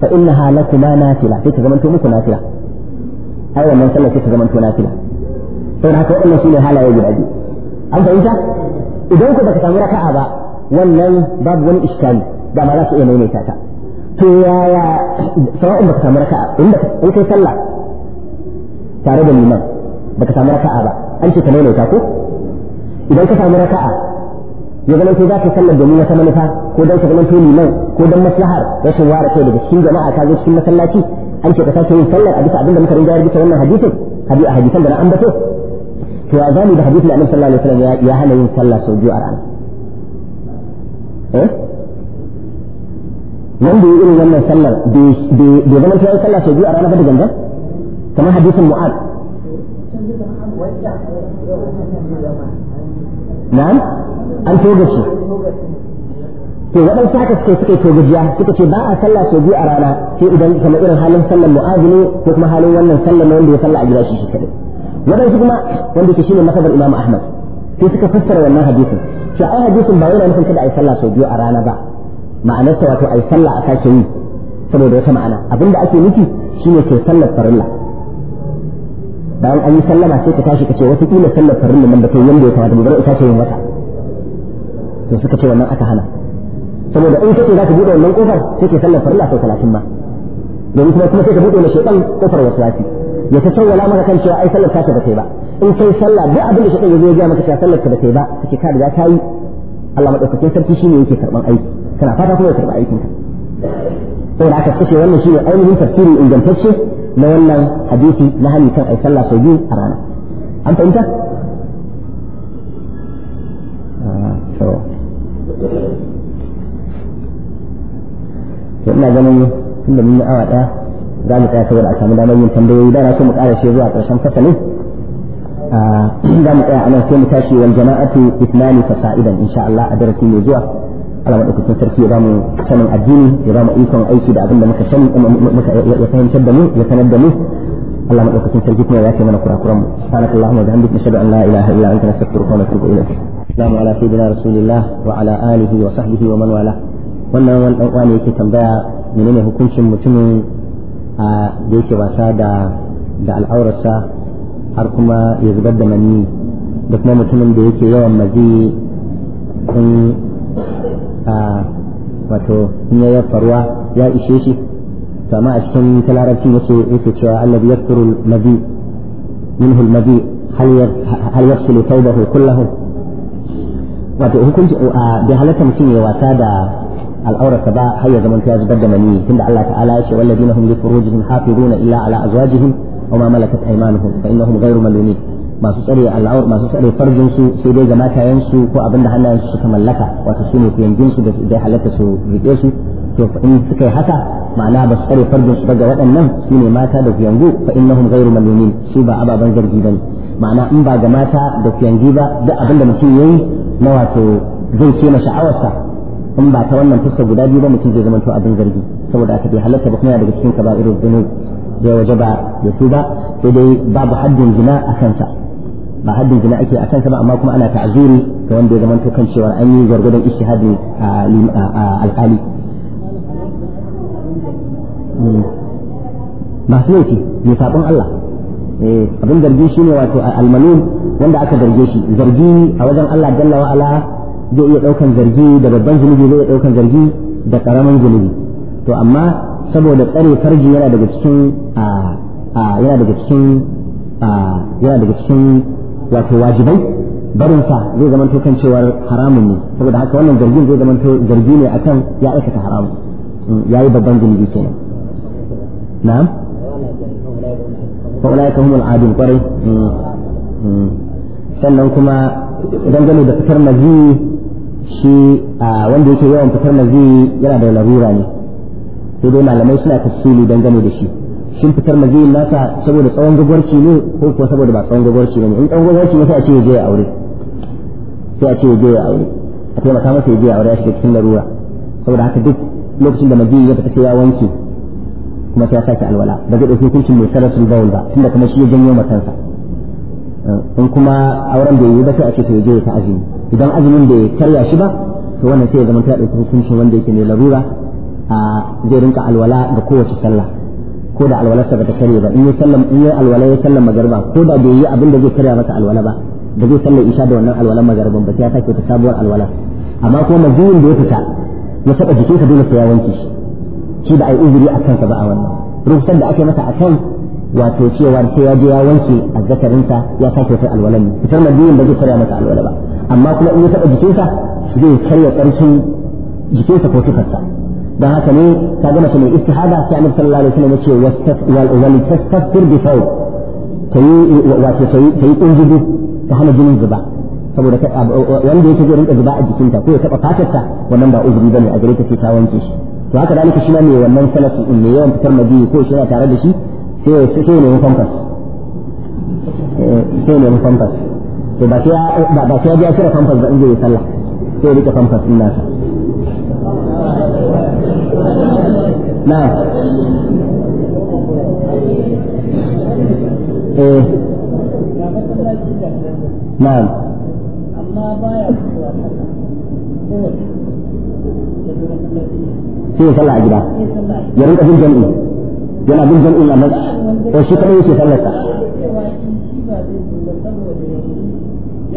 fa innaha lakuma nafila sai ka zamanto muku nafila ai wannan sallah sai ka zamanto nafila saboda haka wannan shine halaye guda biyu an fahimta idan ku baka samu raka'a ba wannan babu wani iskali da ma za su iya maimaita ta to yaya sawa'un baka samu raka'a in kai sallah tare da liman baka samu raka'a ba an ce ka maimaita ko idan ka samu raka'a ya zama za ka sallar domin wata manufa ko dan ka zama to liman ko dan maslahar rashin ware kai daga cikin jama'a ka zo cikin masallaci an ce ka sake yin sallar a bisa abinda muka ya rubuta wannan hadisin hadisi hadisan da na ambato to ya zamu da hadisin annabi sallallahu alaihi wasallam ya hana yin sallah sau biyu a rana eh wanda ya irin wannan sallar bai zama ta yi sallah sau biyu a rana ba da gangan kamar hadisin mu'ad na'am an togashi. to waɗansu haka suke suke togajiya suka ce ba a sallah sau biyu a rana sai idan kamar irin halin sallar mu'azu ne ko kuma halin wannan sallar na wanda ya sallah a gida shi shi kadai waɗansu kuma wanda ke shine masabar imam ahmad sai suka fassara wannan hadisin to ai hadisin ba yana nufin kada a yi sallah sau biyu a rana ba ta wato a yi sallah a sake yi saboda wata ma'ana abinda ake nufi shine ke sallar farilla da an yi sallama sai ka tashi ka ce wata kila sallar farin nan da kai yanda ya kamata mu bari sake yin wata to suka ce wannan aka hana saboda in kace za ka bude wannan kofar sai ke sallar farin sau talatin ma domin kuma kuma sai ka bude na shedan kofar wasu waswasi ya ta sawwala maka kan cewa ai sallar ta ba kai ba in kai sallah duk abin da shedan ya zo ya ga maka cewa sallar ka ba kai ba kace ka riga ta yi Allah madaukakin sarki shine yake karban aiki kana fata kuma ya karba aikinka saboda aka kace wannan shine ainihin tafsirin ingantacce na wannan hadisi na hali kan ai sallah sau biyu a rana an fahimta ah, to ina ganin tunda mun yi awa ɗaya za mu tsaya saboda a samu damar yin tambayoyi da na so mu ƙara shi zuwa ƙarshen fasali ah, za mu tsaya a nan sai mu tashi wal jama'atu ithnani fasa'idan insha Allah a darasi mai zuwa Allah madaukakin sarki ya bamu sanin addini ya bamu ikon aiki da abin da muka sani ya fahimtar da mu ya sanar da mu Allah madaukakin sarki kuma ya ce mana kurakuran mu subhanakallahumma wa na nashhadu an la ilaha illa anta nastaghfiruka wa natubu ila. salamu ala sayyidina rasulillah wa ala alihi wa sahbihi wa man wala wannan wani dan uwa ne yake tambaya menene hukuncin mutumin a da yake wasa da da al'aurarsa har kuma ya zubar da manni da kuma mutumin da yake yawan mazi in wato in ya faruwa ya ishe shi to amma a cikin ta ya ce yake cewa allazi yakthuru al-mabi minhu al-mabi hal yaghsilu thawbahu kullahu wato hukunci da halatta mutum ya wasa da al'aurarsa ba har ya zamanta ya zubar da mani tunda Allah ta'ala ya ce na hum li furujihim hafizuna illa ala azwajihim wa ma malakat aymanuhum fa innahum ghayru malumin masu tsare al'aur masu tsare farjin su sai dai ga matayen su ko abin da hannayen su suka mallaka wato su ne kuyangin su da zai halatta su rike su to in suka yi haka ma'ana ba su tsare farjin su daga waɗannan su ne mata da kuyangu fa innahum ghairu malumin su ba ababen zargi bane ma'ana in ba ga mata da kuyangi ba duk abin da mutum yayi na wato zai ce na sha'awarsa in ba ta wannan fuska guda biyu ba mutum zai zama to abin zargi saboda aka bai halatta ba kuma daga cikin kaba'irul dhunub waje wajaba ya tuba sai dai babu haddin zina a kansa ba haddin zina ake akan sa ba amma kuma ana ta'zuri ga wanda ya zamanto kan cewa an yi gargadon ishtihadin alƙali hmm. masu laifi mai sabon Allah eh, abin zargi shine wato almalum wanda aka zarge shi zargi a wajen Allah jalla wa ala zai iya daukan zargi da babban zunubi zai iya daukan zargi da karamin zunubi to amma saboda tsare farji yana daga cikin yana daga cikin yana daga cikin wato wajibai barinsa zai zama to kan cewar haramun ne saboda haka wannan zargin zai zama to zargi ne akan ya aikata haramun mm, yi babban zunubi kenan na'am fa ulaika humul adun kwarai mm, mm. sannan kuma dangane da fitar mazi shi wanda yake yawan fitar mazi yana da larura ne sai dai malamai suna tafsiri dangane da shi shin fitar maziyin nasa saboda tsawon gwagwarci ne ko kuwa saboda ba tsawon gwagwarci ne in tsawon gwagwarci ne sai a ce je ya aure sai a ce je ya aure a taimaka masa ya je ya aure ya shiga cikin larura saboda haka duk lokacin da maziyi ya fita sai ya wanke kuma sai ya sake alwala ba zai dauki hukuncin mai sarasul bawul ba tunda kuma shi ya janyo makansa in kuma auren bai yi ba sai a ce to ya je ya ta azumi idan azumin bai karya shi ba to wannan sai ya zama ta dauki hukuncin wanda yake ne larura a zai rinka alwala ga kowace sallah ko da alwalarsa bata kare ba in ya sallam in ya alwala ya sallam magariba ko da bai yi abin da zai karya masa alwala ba da zai sallar isha da wannan alwalan magarban ba ya sake ta sabuwar alwala amma kuma majiyin da ya fita ya taba jikinsa dole sai ya wanke shi shi da ai uzuri a kansa ba a wannan ruhsar da ake masa a kan wato cewa sai ya je ya wanke a azzakarinsa ya sake ta alwalan ne fitar majiyin ba zai karya masa alwala ba amma kuma in ya taba jikinsa zai karya karshen jikinsa ko tufarsa بهاتني تقدمت لي استحادة يعني صلى الله عليه وسلم يشيو ولتستفر بفوق تي تي تي تنجد تحمل جن الزبا سبورة وعندي تجور الزبا جكنت كوي تبقى تاتسا ونمبا أزري بني أجريك في تاونتش وهكذا ذلك شمامي ومن ثلاث مليون تكر مجيه كوي شوية تعردشي سيو سيو نيو فمكس إيه، سيو نيو فمكس باكيا باكيا بيأشرة فمكس بأنجي يسلح سيو بيكا فمكس الناس na'am eh amma baya sallah a gida ya rinka bin jam'i yana bin jam'i amma eh, shi kadai yake sallar yana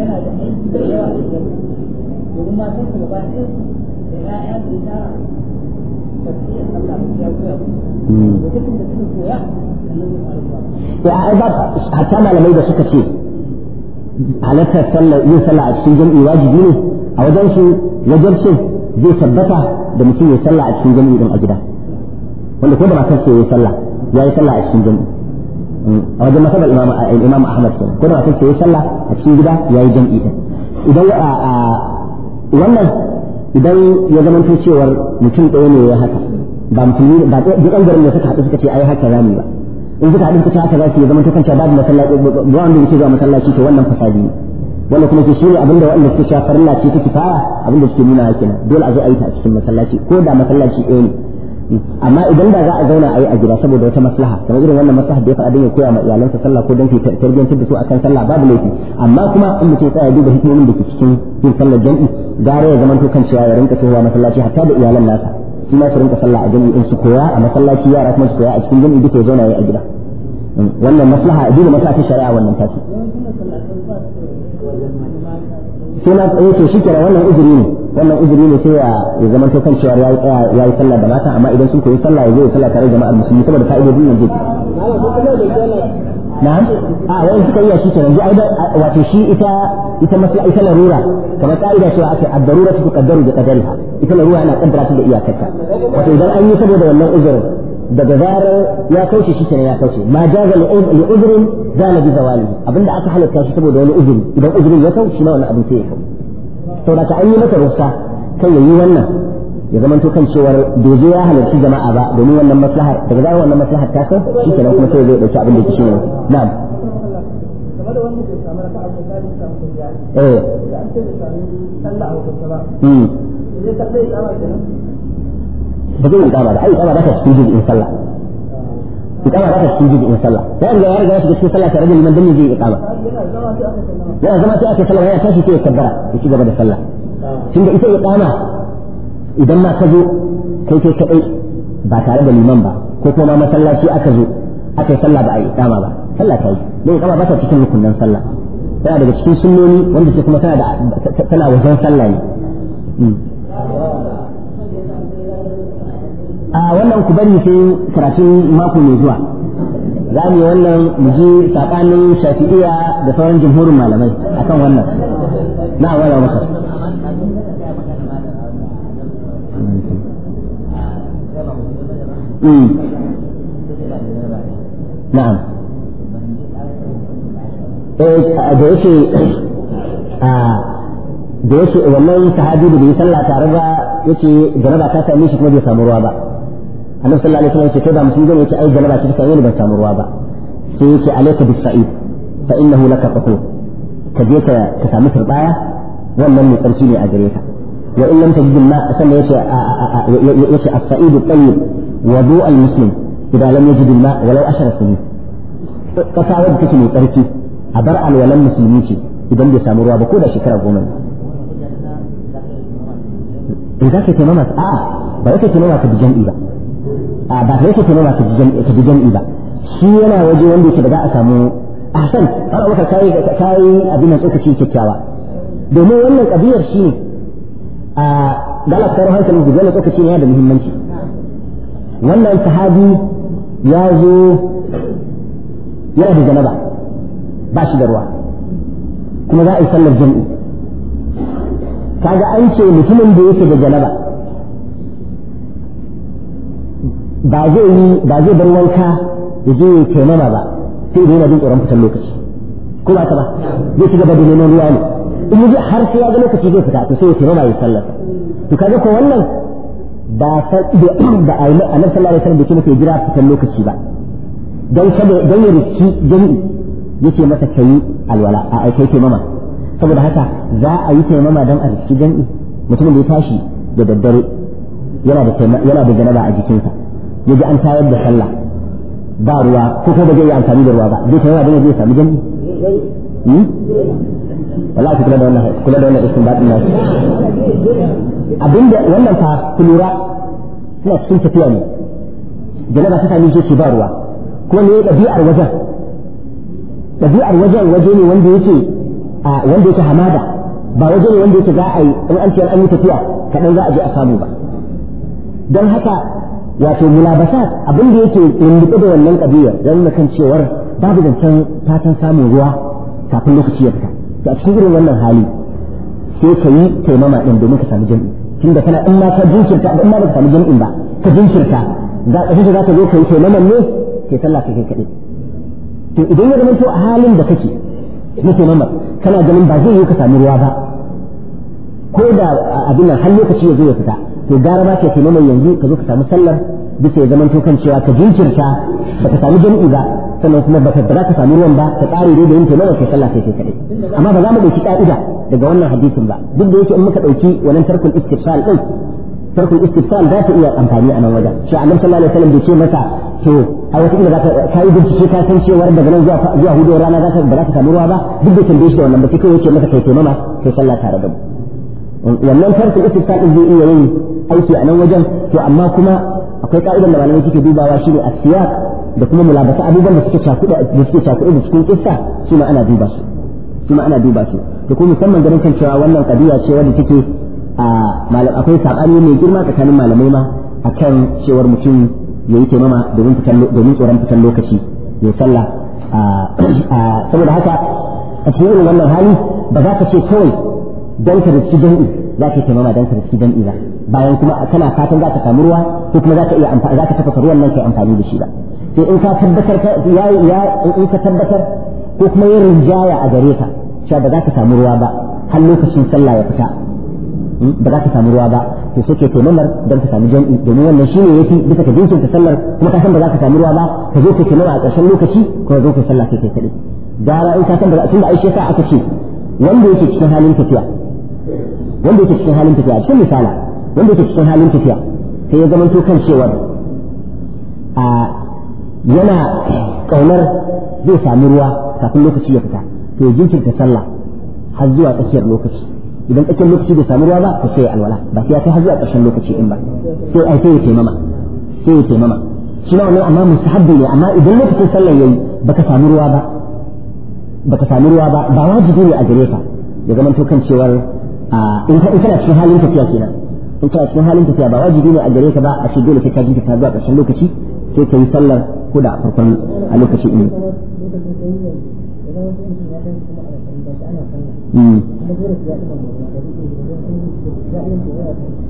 da aiki da yawa da sai ya ba hatta malamai da suka ce halartar sallar yin sallah a cikin jam'i wajibi ne a wajen su wajabcin zai tabbata da mutum ya sallah a cikin jam'i din a gida wanda ko da matar ce ya sallah ya yi sallah a cikin jam'i a wajen masaba imam imam Ahmad kenan ko da matar ce ya sallah a cikin gida ya yi jam'i din idan wannan idan ya zama cewar mutum ɗaya ne ya haka ba ne ba duk an garin da suka haɗu suka ce ai haka zamu ba in suka haɗu suka ce haka za su ya zama to kanta babu masallaci ba wanda yake zuwa masallaci to wannan fasadi ne wanda kuma ke shine abinda wanda suke shafar lafiya ce ta kifaya abinda suke nuna hakina dole a zo a yi ta a cikin masallaci ko da masallaci ɗaya ne amma idan da za a zauna a yi a gida saboda wata maslaha kamar irin wannan maslaha da ya faɗa ya koya ma iyalansa sallah ko don ke tarbiyyantar da su akan sallah babu laifi amma kuma in mutum tsaya duba hikimomin da ke cikin yin sallar jam'i gara ya zamanto kan cewa ya rinka tsohuwa masallaci hatta da iyalan nasa shi ma su rinka sallah a jam'i in su koya a masallaci yara kuma su koya a cikin jam'i duka ya zauna ya yi a gida wannan maslaha a duba maslaha ta shari'a wannan tafi sai na tsaye eh, to shi kenan wannan uzuri ne wannan uzuri ne sai ya zama to kan cewa ya tsaya yayi sallah da mata amma idan sun koyi sallah ya zo ya sallah tare da jama'ar musulmi saboda fa'idodin yanzu na'am a wani suka yi iya shi kenan ai wato shi ita ita masala ita larura kamar ka'ida cewa ake ad-darura tuqaddaru bi qadariha ita larura ana kaddara ta da iyakarta wato idan an yi saboda wannan uzurin daga zarar ya kauce shi kenan ya kauce ma jaza li uzrin zala bi zawali abinda aka halatta shi saboda wani uzuri idan uzurin ya kauce shi ma wani abin sai ya kauce saboda ka an yi mata rufsa kan yayi wannan ya zama kan cewar dozo ya halarci jama'a ba domin wannan maslahar daga zai wannan maslahar ta san shi kenan kuma sai zai dauki abin da yake shi ne na'am eh hmm. ba zai yi kama da ai kama da ka cikin jin sallah ikama za ta su jibi in sallah a da ya riga ya shiga cikin sallah tare da liman dan yaje ikama ya zama sai aka sallah ya tashi sai ya kaddara ya ci gaba da sallah tun da ita ikama idan ma ka zo kai kai kadai ba tare da liman ba ko kuma masallaci aka sallah ba a yi ikama ba sallah ta yi dan ikama ba ta cikin rukunin sallah tana daga cikin sunnoni wanda ke kuma tana da tana wajen sallah ne a wannan ku bari sai karatun mako mai zuwa za mu yi wannan mu ji tsakanin shafi'iya da sauran jumhurin malamai akan wannan na wala wata hmm. na'am eh, da yake a ah, da yake wannan sahabi da bai sallah tare ba yake jaraba ta sami shi kuma bai samu ruwa ba annabi sallallahu alaihi wasallam ce kai ba mutum zai ce ai galaba ta same ni ban samu ruwa ba sai yace alayka bis sa'id fa innahu laka tahur ka je ka ka samu turbaya wannan mai tsarki ne a gare ka wa in lam tajid ma sannan yace yace as-sa'id at-tayyib wudu al-muslim idan lam yajid ma walau ashara sinin kasa wadda take mai tsarki a bar Al-Walanda alwalan musulmi ce idan bai samu ruwa ba ko da shekara goma ne in eh, za ka yi taimama a'a ba za ka yi taimama ka bi jam'i ba a ba sai ka tunana ka ji jam'i ba shi yana waje wanda yake da za a samu ahsan har aka kai kai abin nan tsokaci kyakkyawa domin wannan kabiyar shi ne a galak hankalin ku dole tsokaci ne da muhimmanci wannan sahabi ya zo yana da janaba ba shi da ruwa kuma za a yi sallar jam'i kaga an ce mutumin da yake da janaba ba zai yi ba zai bar wanka ya je ya taimama ba sai da yana jin tsoron fitar lokaci ko ba ta ba zai ci gaba da neman ruwa ne in yi har sai ya ga lokaci zai fita to sai ya taimama ya sallar to kaga ko wannan ba san da annabi sallallahu alaihi wasallam bai ce jira fitar lokaci ba dan kada dan ya riski jami'i yace masa kai alwala a aikai taimama saboda haka za a yi taimama dan a riski jami'i mutumin da ya tashi da daddare yana da yana da janaba a jikinsa ya ji an tayar da sallah ba ruwa ko ko ba zai yi amfani da ruwa ba zai tayar da zai samu jami hmm? wala ku kula da wannan kula da wannan iskin baɗin nasu abinda wannan fa ku lura suna cikin tafiya ne jalaba ta sami shi ba ruwa kuma ne ɗabi'ar wajen ɗabi'ar wajen waje ne wanda yake wanda yake hamada ba waje ne wanda yake za a yi in an ce an yi tafiya kaɗan za a je a samu ba don haka wato mulabasat abin da yake lulluɓe da wannan ƙabiyar don na kan cewar babu zancen fatan samun ruwa kafin lokaci ya fita to a cikin irin wannan hali sai ka yi taimama ɗin domin ka sami jam'i tun da kana in ma ka jinkirta in ma ba ka sami jam'in ba ka jinkirta za ka za ka zo ka yi taimaman ne ke sallah kai kaɗai to idan ya zama to a halin da kake na taimama kana ganin ba zai yi ka sami ruwa ba ko da abin nan har lokaci ya zo ya fita to gara ba ke mai yanzu ka zo ka samu sallar bisa ya zaman to kan cewa ka jinkirta ba ka samu jami'i ba sannan kuma ba za ka samu ruwan ba ka tsare da yin taimama ke sallah sai kaɗai. amma ba za mu ɗauki ka'ida daga wannan hadisin ba duk da yake in muka ɗauki wannan tarkul istifsal ɗin tarkul istifsal za ta iya amfani a nan wajen shi nan sallallahu alaihi wasallam bai ce masa to a wata ina za ka yi bincike ka san cewa daga nan zuwa zuwa hudu rana zaka ba za ka samu ruwa ba duk da tambaye shi da wannan ba sai kawai ce masa kai taimama kai sallah tare da mu wannan tarkul istifsal ɗin zai iya yin aiki a nan wajen to amma kuma akwai ka'idar da malamai suke dubawa shi ne a siya da kuma mulabasa abubuwan da suke cakuɗa da suke cakuɗa da cikin kissa su ma ana duba su su ma ana duba su da kuma musamman ganin kan cewa wannan kadiya ce wanda take a malam akwai sabani mai girma tsakanin malamai ma a kan cewar mutum ya yi taimama domin fitan domin tsoron fitan lokaci ya sallah saboda haka a cikin irin wannan hali ba za ka ce kawai don ka da cikin za ka yi taimama don ka riski jam'i ba bayan kuma kana fatan za ka samu ruwa ko kuma za ka iya za ka tafasa ruwan nan ka yi amfani da shi ba sai in ka tabbatar ya ya in ka tabbatar ko kuma yin rinjaya a gare ka cewa ba za ka samu ruwa ba har lokacin sallah ya fita hmm, ba za ka samu ruwa ba to sai ke taimamar don ka samu jam'i domin wannan shi ne yafi bisa ka jinsin ta sallar kuma ka san ba za ka samu ruwa ba ka zo ka taimama a ƙarshen lokaci ko ka zo ka sallah kai kai kaɗai gara in ka san ba tun da aishe sa aka ce wanda yake cikin halin tafiya wanda yake cikin halin tafiya cikin misala wanda yake cikin halin tafiya sai ya zamanto kan cewar a yana kaunar zai sami ruwa kafin lokaci ya fita to ya jinkirta sallah har zuwa tsakiyar lokaci idan tsakiyar lokaci bai sami ruwa ba to sai ya alwala ba sai ya kai har zuwa ƙarshen lokaci in ba sai ai sai ya taimama sai ya taimama shi ma wannan amma mustahabbi ne amma idan lokacin sallah yayi baka sami ruwa ba baka sami ruwa ba ba wajibi ne a gare ka ya zama to kan cewar Ah, in kana cikin halin tafiya kenan in kana cikin halin tafiya ba wajibi ne a gare ka ba a ce dole sai ka jinka ta zuwa ƙarshen lokaci sai ka yi sallar ko da farkon a lokaci ne hmm.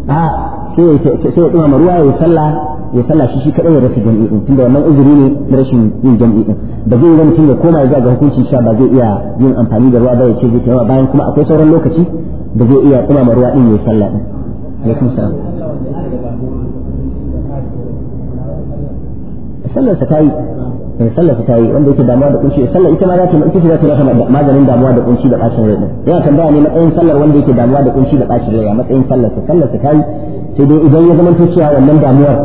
ah, a sai ya ɗumama ruwa ya sallah ya sallah shi shi kaɗai ya rasa jam'i ɗin tunda wannan uzuri ne na rashin yin jam'i ɗin da zai yi mutum ya koma ya ga hukuncin sha ba zai iya yin amfani da ruwa ba ya ce zai taimaka bayan kuma akwai sauran lokaci da zai iya tsuma ruwa din ya sallah ya alaikum salam sallar sa yi eh sallar wanda yake damuwa da kunci sallar ita ma za ta ita za ta rasa maganin damuwa da kunshi da bacin rai din yana tambaya ne matsayin sallar wanda yake damuwa da kunshi da bacin rai a matsayin sallar sa sallar sa yi sai dai idan ya zama cewa wannan damuwar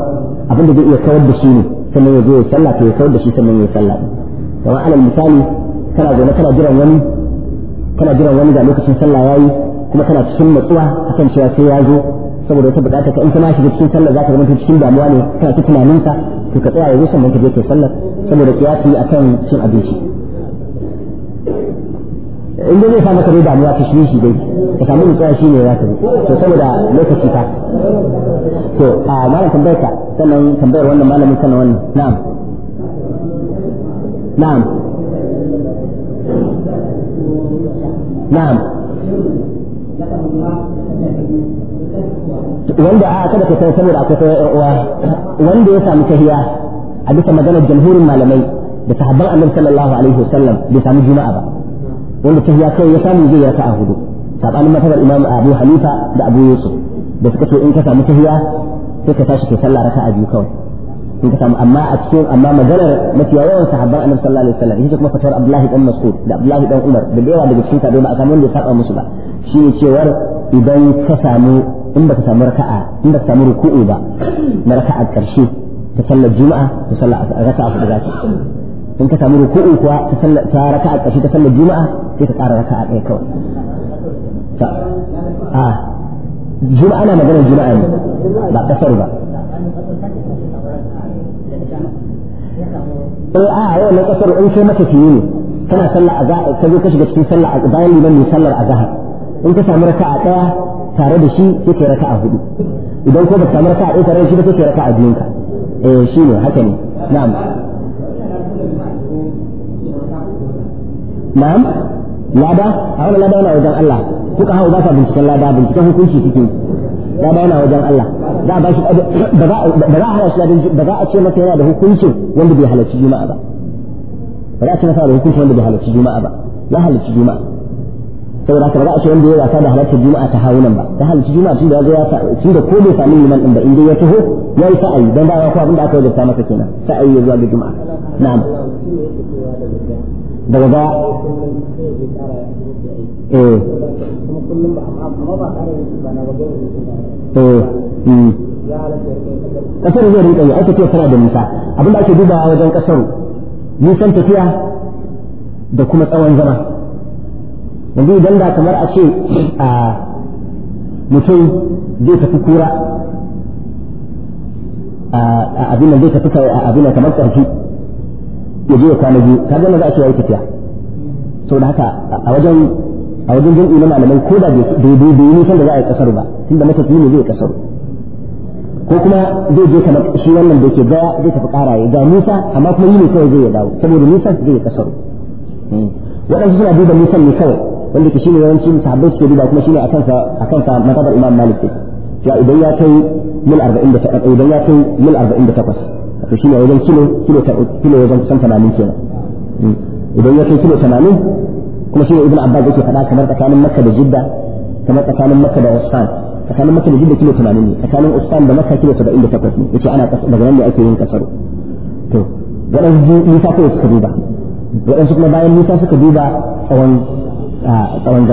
abin da zai iya kawar da shi ne sannan ya zo ya sallah to ya kawar da shi sannan ya sallah din kamar alal misali kana zaune kana jiran wani kana jiran wani da lokacin sallah yayi kuma kana cikin matsuwa akan cewa sai ya zo saboda wata bukata ka in kana shiga cikin sallar zaka zama cikin damuwa ne kana ta tunanin ka to ka tsaya yanzu sannan ka je kai sallar saboda kiyasi akan cin abinci in dai zai sa maka damuwa ta shi shi dai ka samu nutsuwa shi ne ya ka to saboda lokaci ka to a malam tambayar ka sannan tambayar wannan malamin sannan wannan na'am na'am na'am wanda a kada ka san saboda akwai sauran uwa wanda ya samu tahiya a bisa maganar jamhurin malamai da sahabban annabi sallallahu alaihi wasallam bai samu juma'a ba wanda tahiya kai ya samu zai a hudu sabanin matabar imam abu hanifa da abu yusuf da suka ce in ka samu tahiya sai ka tashi ka sallah raka'a biyu kawai in ka samu amma a cikin amma maganar mafi yawan sahabban annabi sallallahu alaihi wasallam ita kuma fatawar Abdullahi dan Mas'ud da Abdullahi dan Umar da yawa daga cikin tabi'i ba a samu wanda ya saba musu ba shi ne cewar idan ka samu in baka samu raka'a in baka samu ruku'u ba na raka'a karshe ta sallar juma'a ta sallar raka'a ta zaki in ka samu ruku'u kuwa ta sallar ta raka'a karshe ta sallar juma'a sai ka ƙara raka'a ɗaya kawai a juma'a na maganar juma'a ne ba kasar ba eh a yau na kasar in kai mata fiye ne tana sallar azhar ka zo ka shiga cikin sallar bayan liman ne sallar azhar in ka samu raka'a daya tare da shi sai kai raka'a hudu idan ko ba samu raka'a ɗaya tare da shi ba sai kai raka'a biyun ka eh shi ne haka ne na'am na'am lada a wannan lada yana wajen Allah kuka hawo ba sa binciken lada binciken hukunci suke lada yana wajen Allah za a ba shi ba za a hana shi ba za a ce masa yana da hukuncin wanda bai halarci juma'a ba ba za a ce masa da hukuncin wanda bai halarci juma'a ba ya halarci juma'a saboda haka ba za a ce wanda ya wasa da halarci juma'a ta hawo nan ba ta halarci juma'a tun da ya tun da ko bai sami liman din ba in dai ya taho ya yi sa'ayi dan ba ko abin da aka wajabta masa kenan sa'ayi ya zuwa ga juma'a na'am daga eh. ba eh Eh, hmm. kasar zai rinka yi aka tafiya tana da nisa abinda ake dubawa wajen kasar nisan tafiya da kuma tsawon zama yanzu idan da kamar a ce a mutum zai tafi kura a abin nan zai tafi a abin kamar karfi ya je ya kwana biyu ka zama za a ce tafiya sau da haka a wajen a wajen jami'i ko da bai bai nisan da za a yi kasar ba tunda matafiyi ne zai kasar ko kuma zai je kamar shi wannan da ke gaya zai tafi karaye ga nisa amma kuma yi ne kawai zai ya dawo saboda nisa zai kasar waɗansu suna duba nisan ne kawai wanda ke shine yawanci sahabbai suke duba kuma shine akan sa akan sa matabar imam malik ne ya idan ya kai mil 48 idan ya kai mil 48 to shine wajen kilo kilo ta kilo wajen kusan 80 kenan idan ya kai kilo 80 kuma shine ibn abbas yake faɗa kamar tsakanin makka da jidda kamar tsakanin makka da usfan tsakanin maka da jidda kilo 80 ne tsakanin usman da maka kilo 78 ne yace ana daga nan ne ake yin kasaro to waɗansu nisa kawai suka duba waɗansu kuma bayan nisa suka duba tsawon tsawon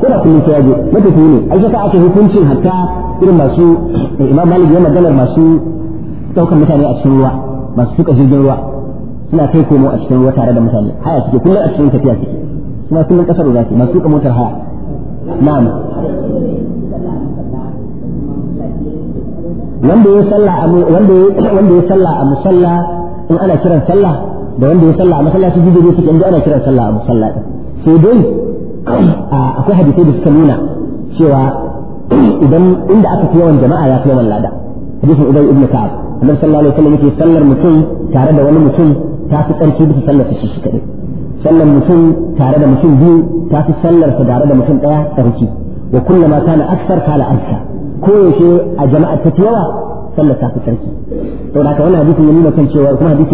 kuna kullum sai yaje matafi ne ai shaka ake hukuncin hatta irin masu eh, imam malik ya maganar masu ɗaukar mutane a cikin ruwa masu suka jirgin ruwa suna kai komo a cikin ruwa tare da mutane haya suke kullum a cikin tafiya suke suna kullum kasar za su masu suka motar haya na'am wanda ya salla a wanda wanda ya a musalla in ana kiran sallah da wanda ya salla a musalla masallaci jijiyoyi suke inda ana kiran sallah a musalla sai dai akwai hadisai da suka nuna cewa idan inda aka fi yawan jama'a ya fi yawan lada hadisin ubay ibn ka'ab annabi sallallahu alaihi wasallam yake sallar mutum tare da wani mutum ta fi tsarki bisa sallar su shi kadai sallar mutum tare da mutum biyu ta fi sallar sa tare da mutum daya tsarki وكلما كان أكثر كان أزكى كل شيء أجمع التتوى صلى ساعة التركي طبعا هكا وانا حديث من كان شيء وكما حديث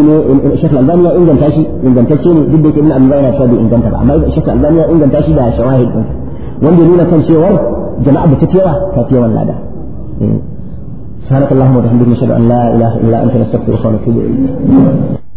الشيخ الألباني إن جنت شيء إن جنت شيء جدا ابن أبي بكر شابي إن جنت أما الشيخ الألباني إن جنت شيء ده شواهد wanda nuna kan cewar jama'a da tafiyawa ta fi yawan lada سبحانك اللهم وبحمدك نشهد ان لا اله الا انت نستغفرك ونتوب اليك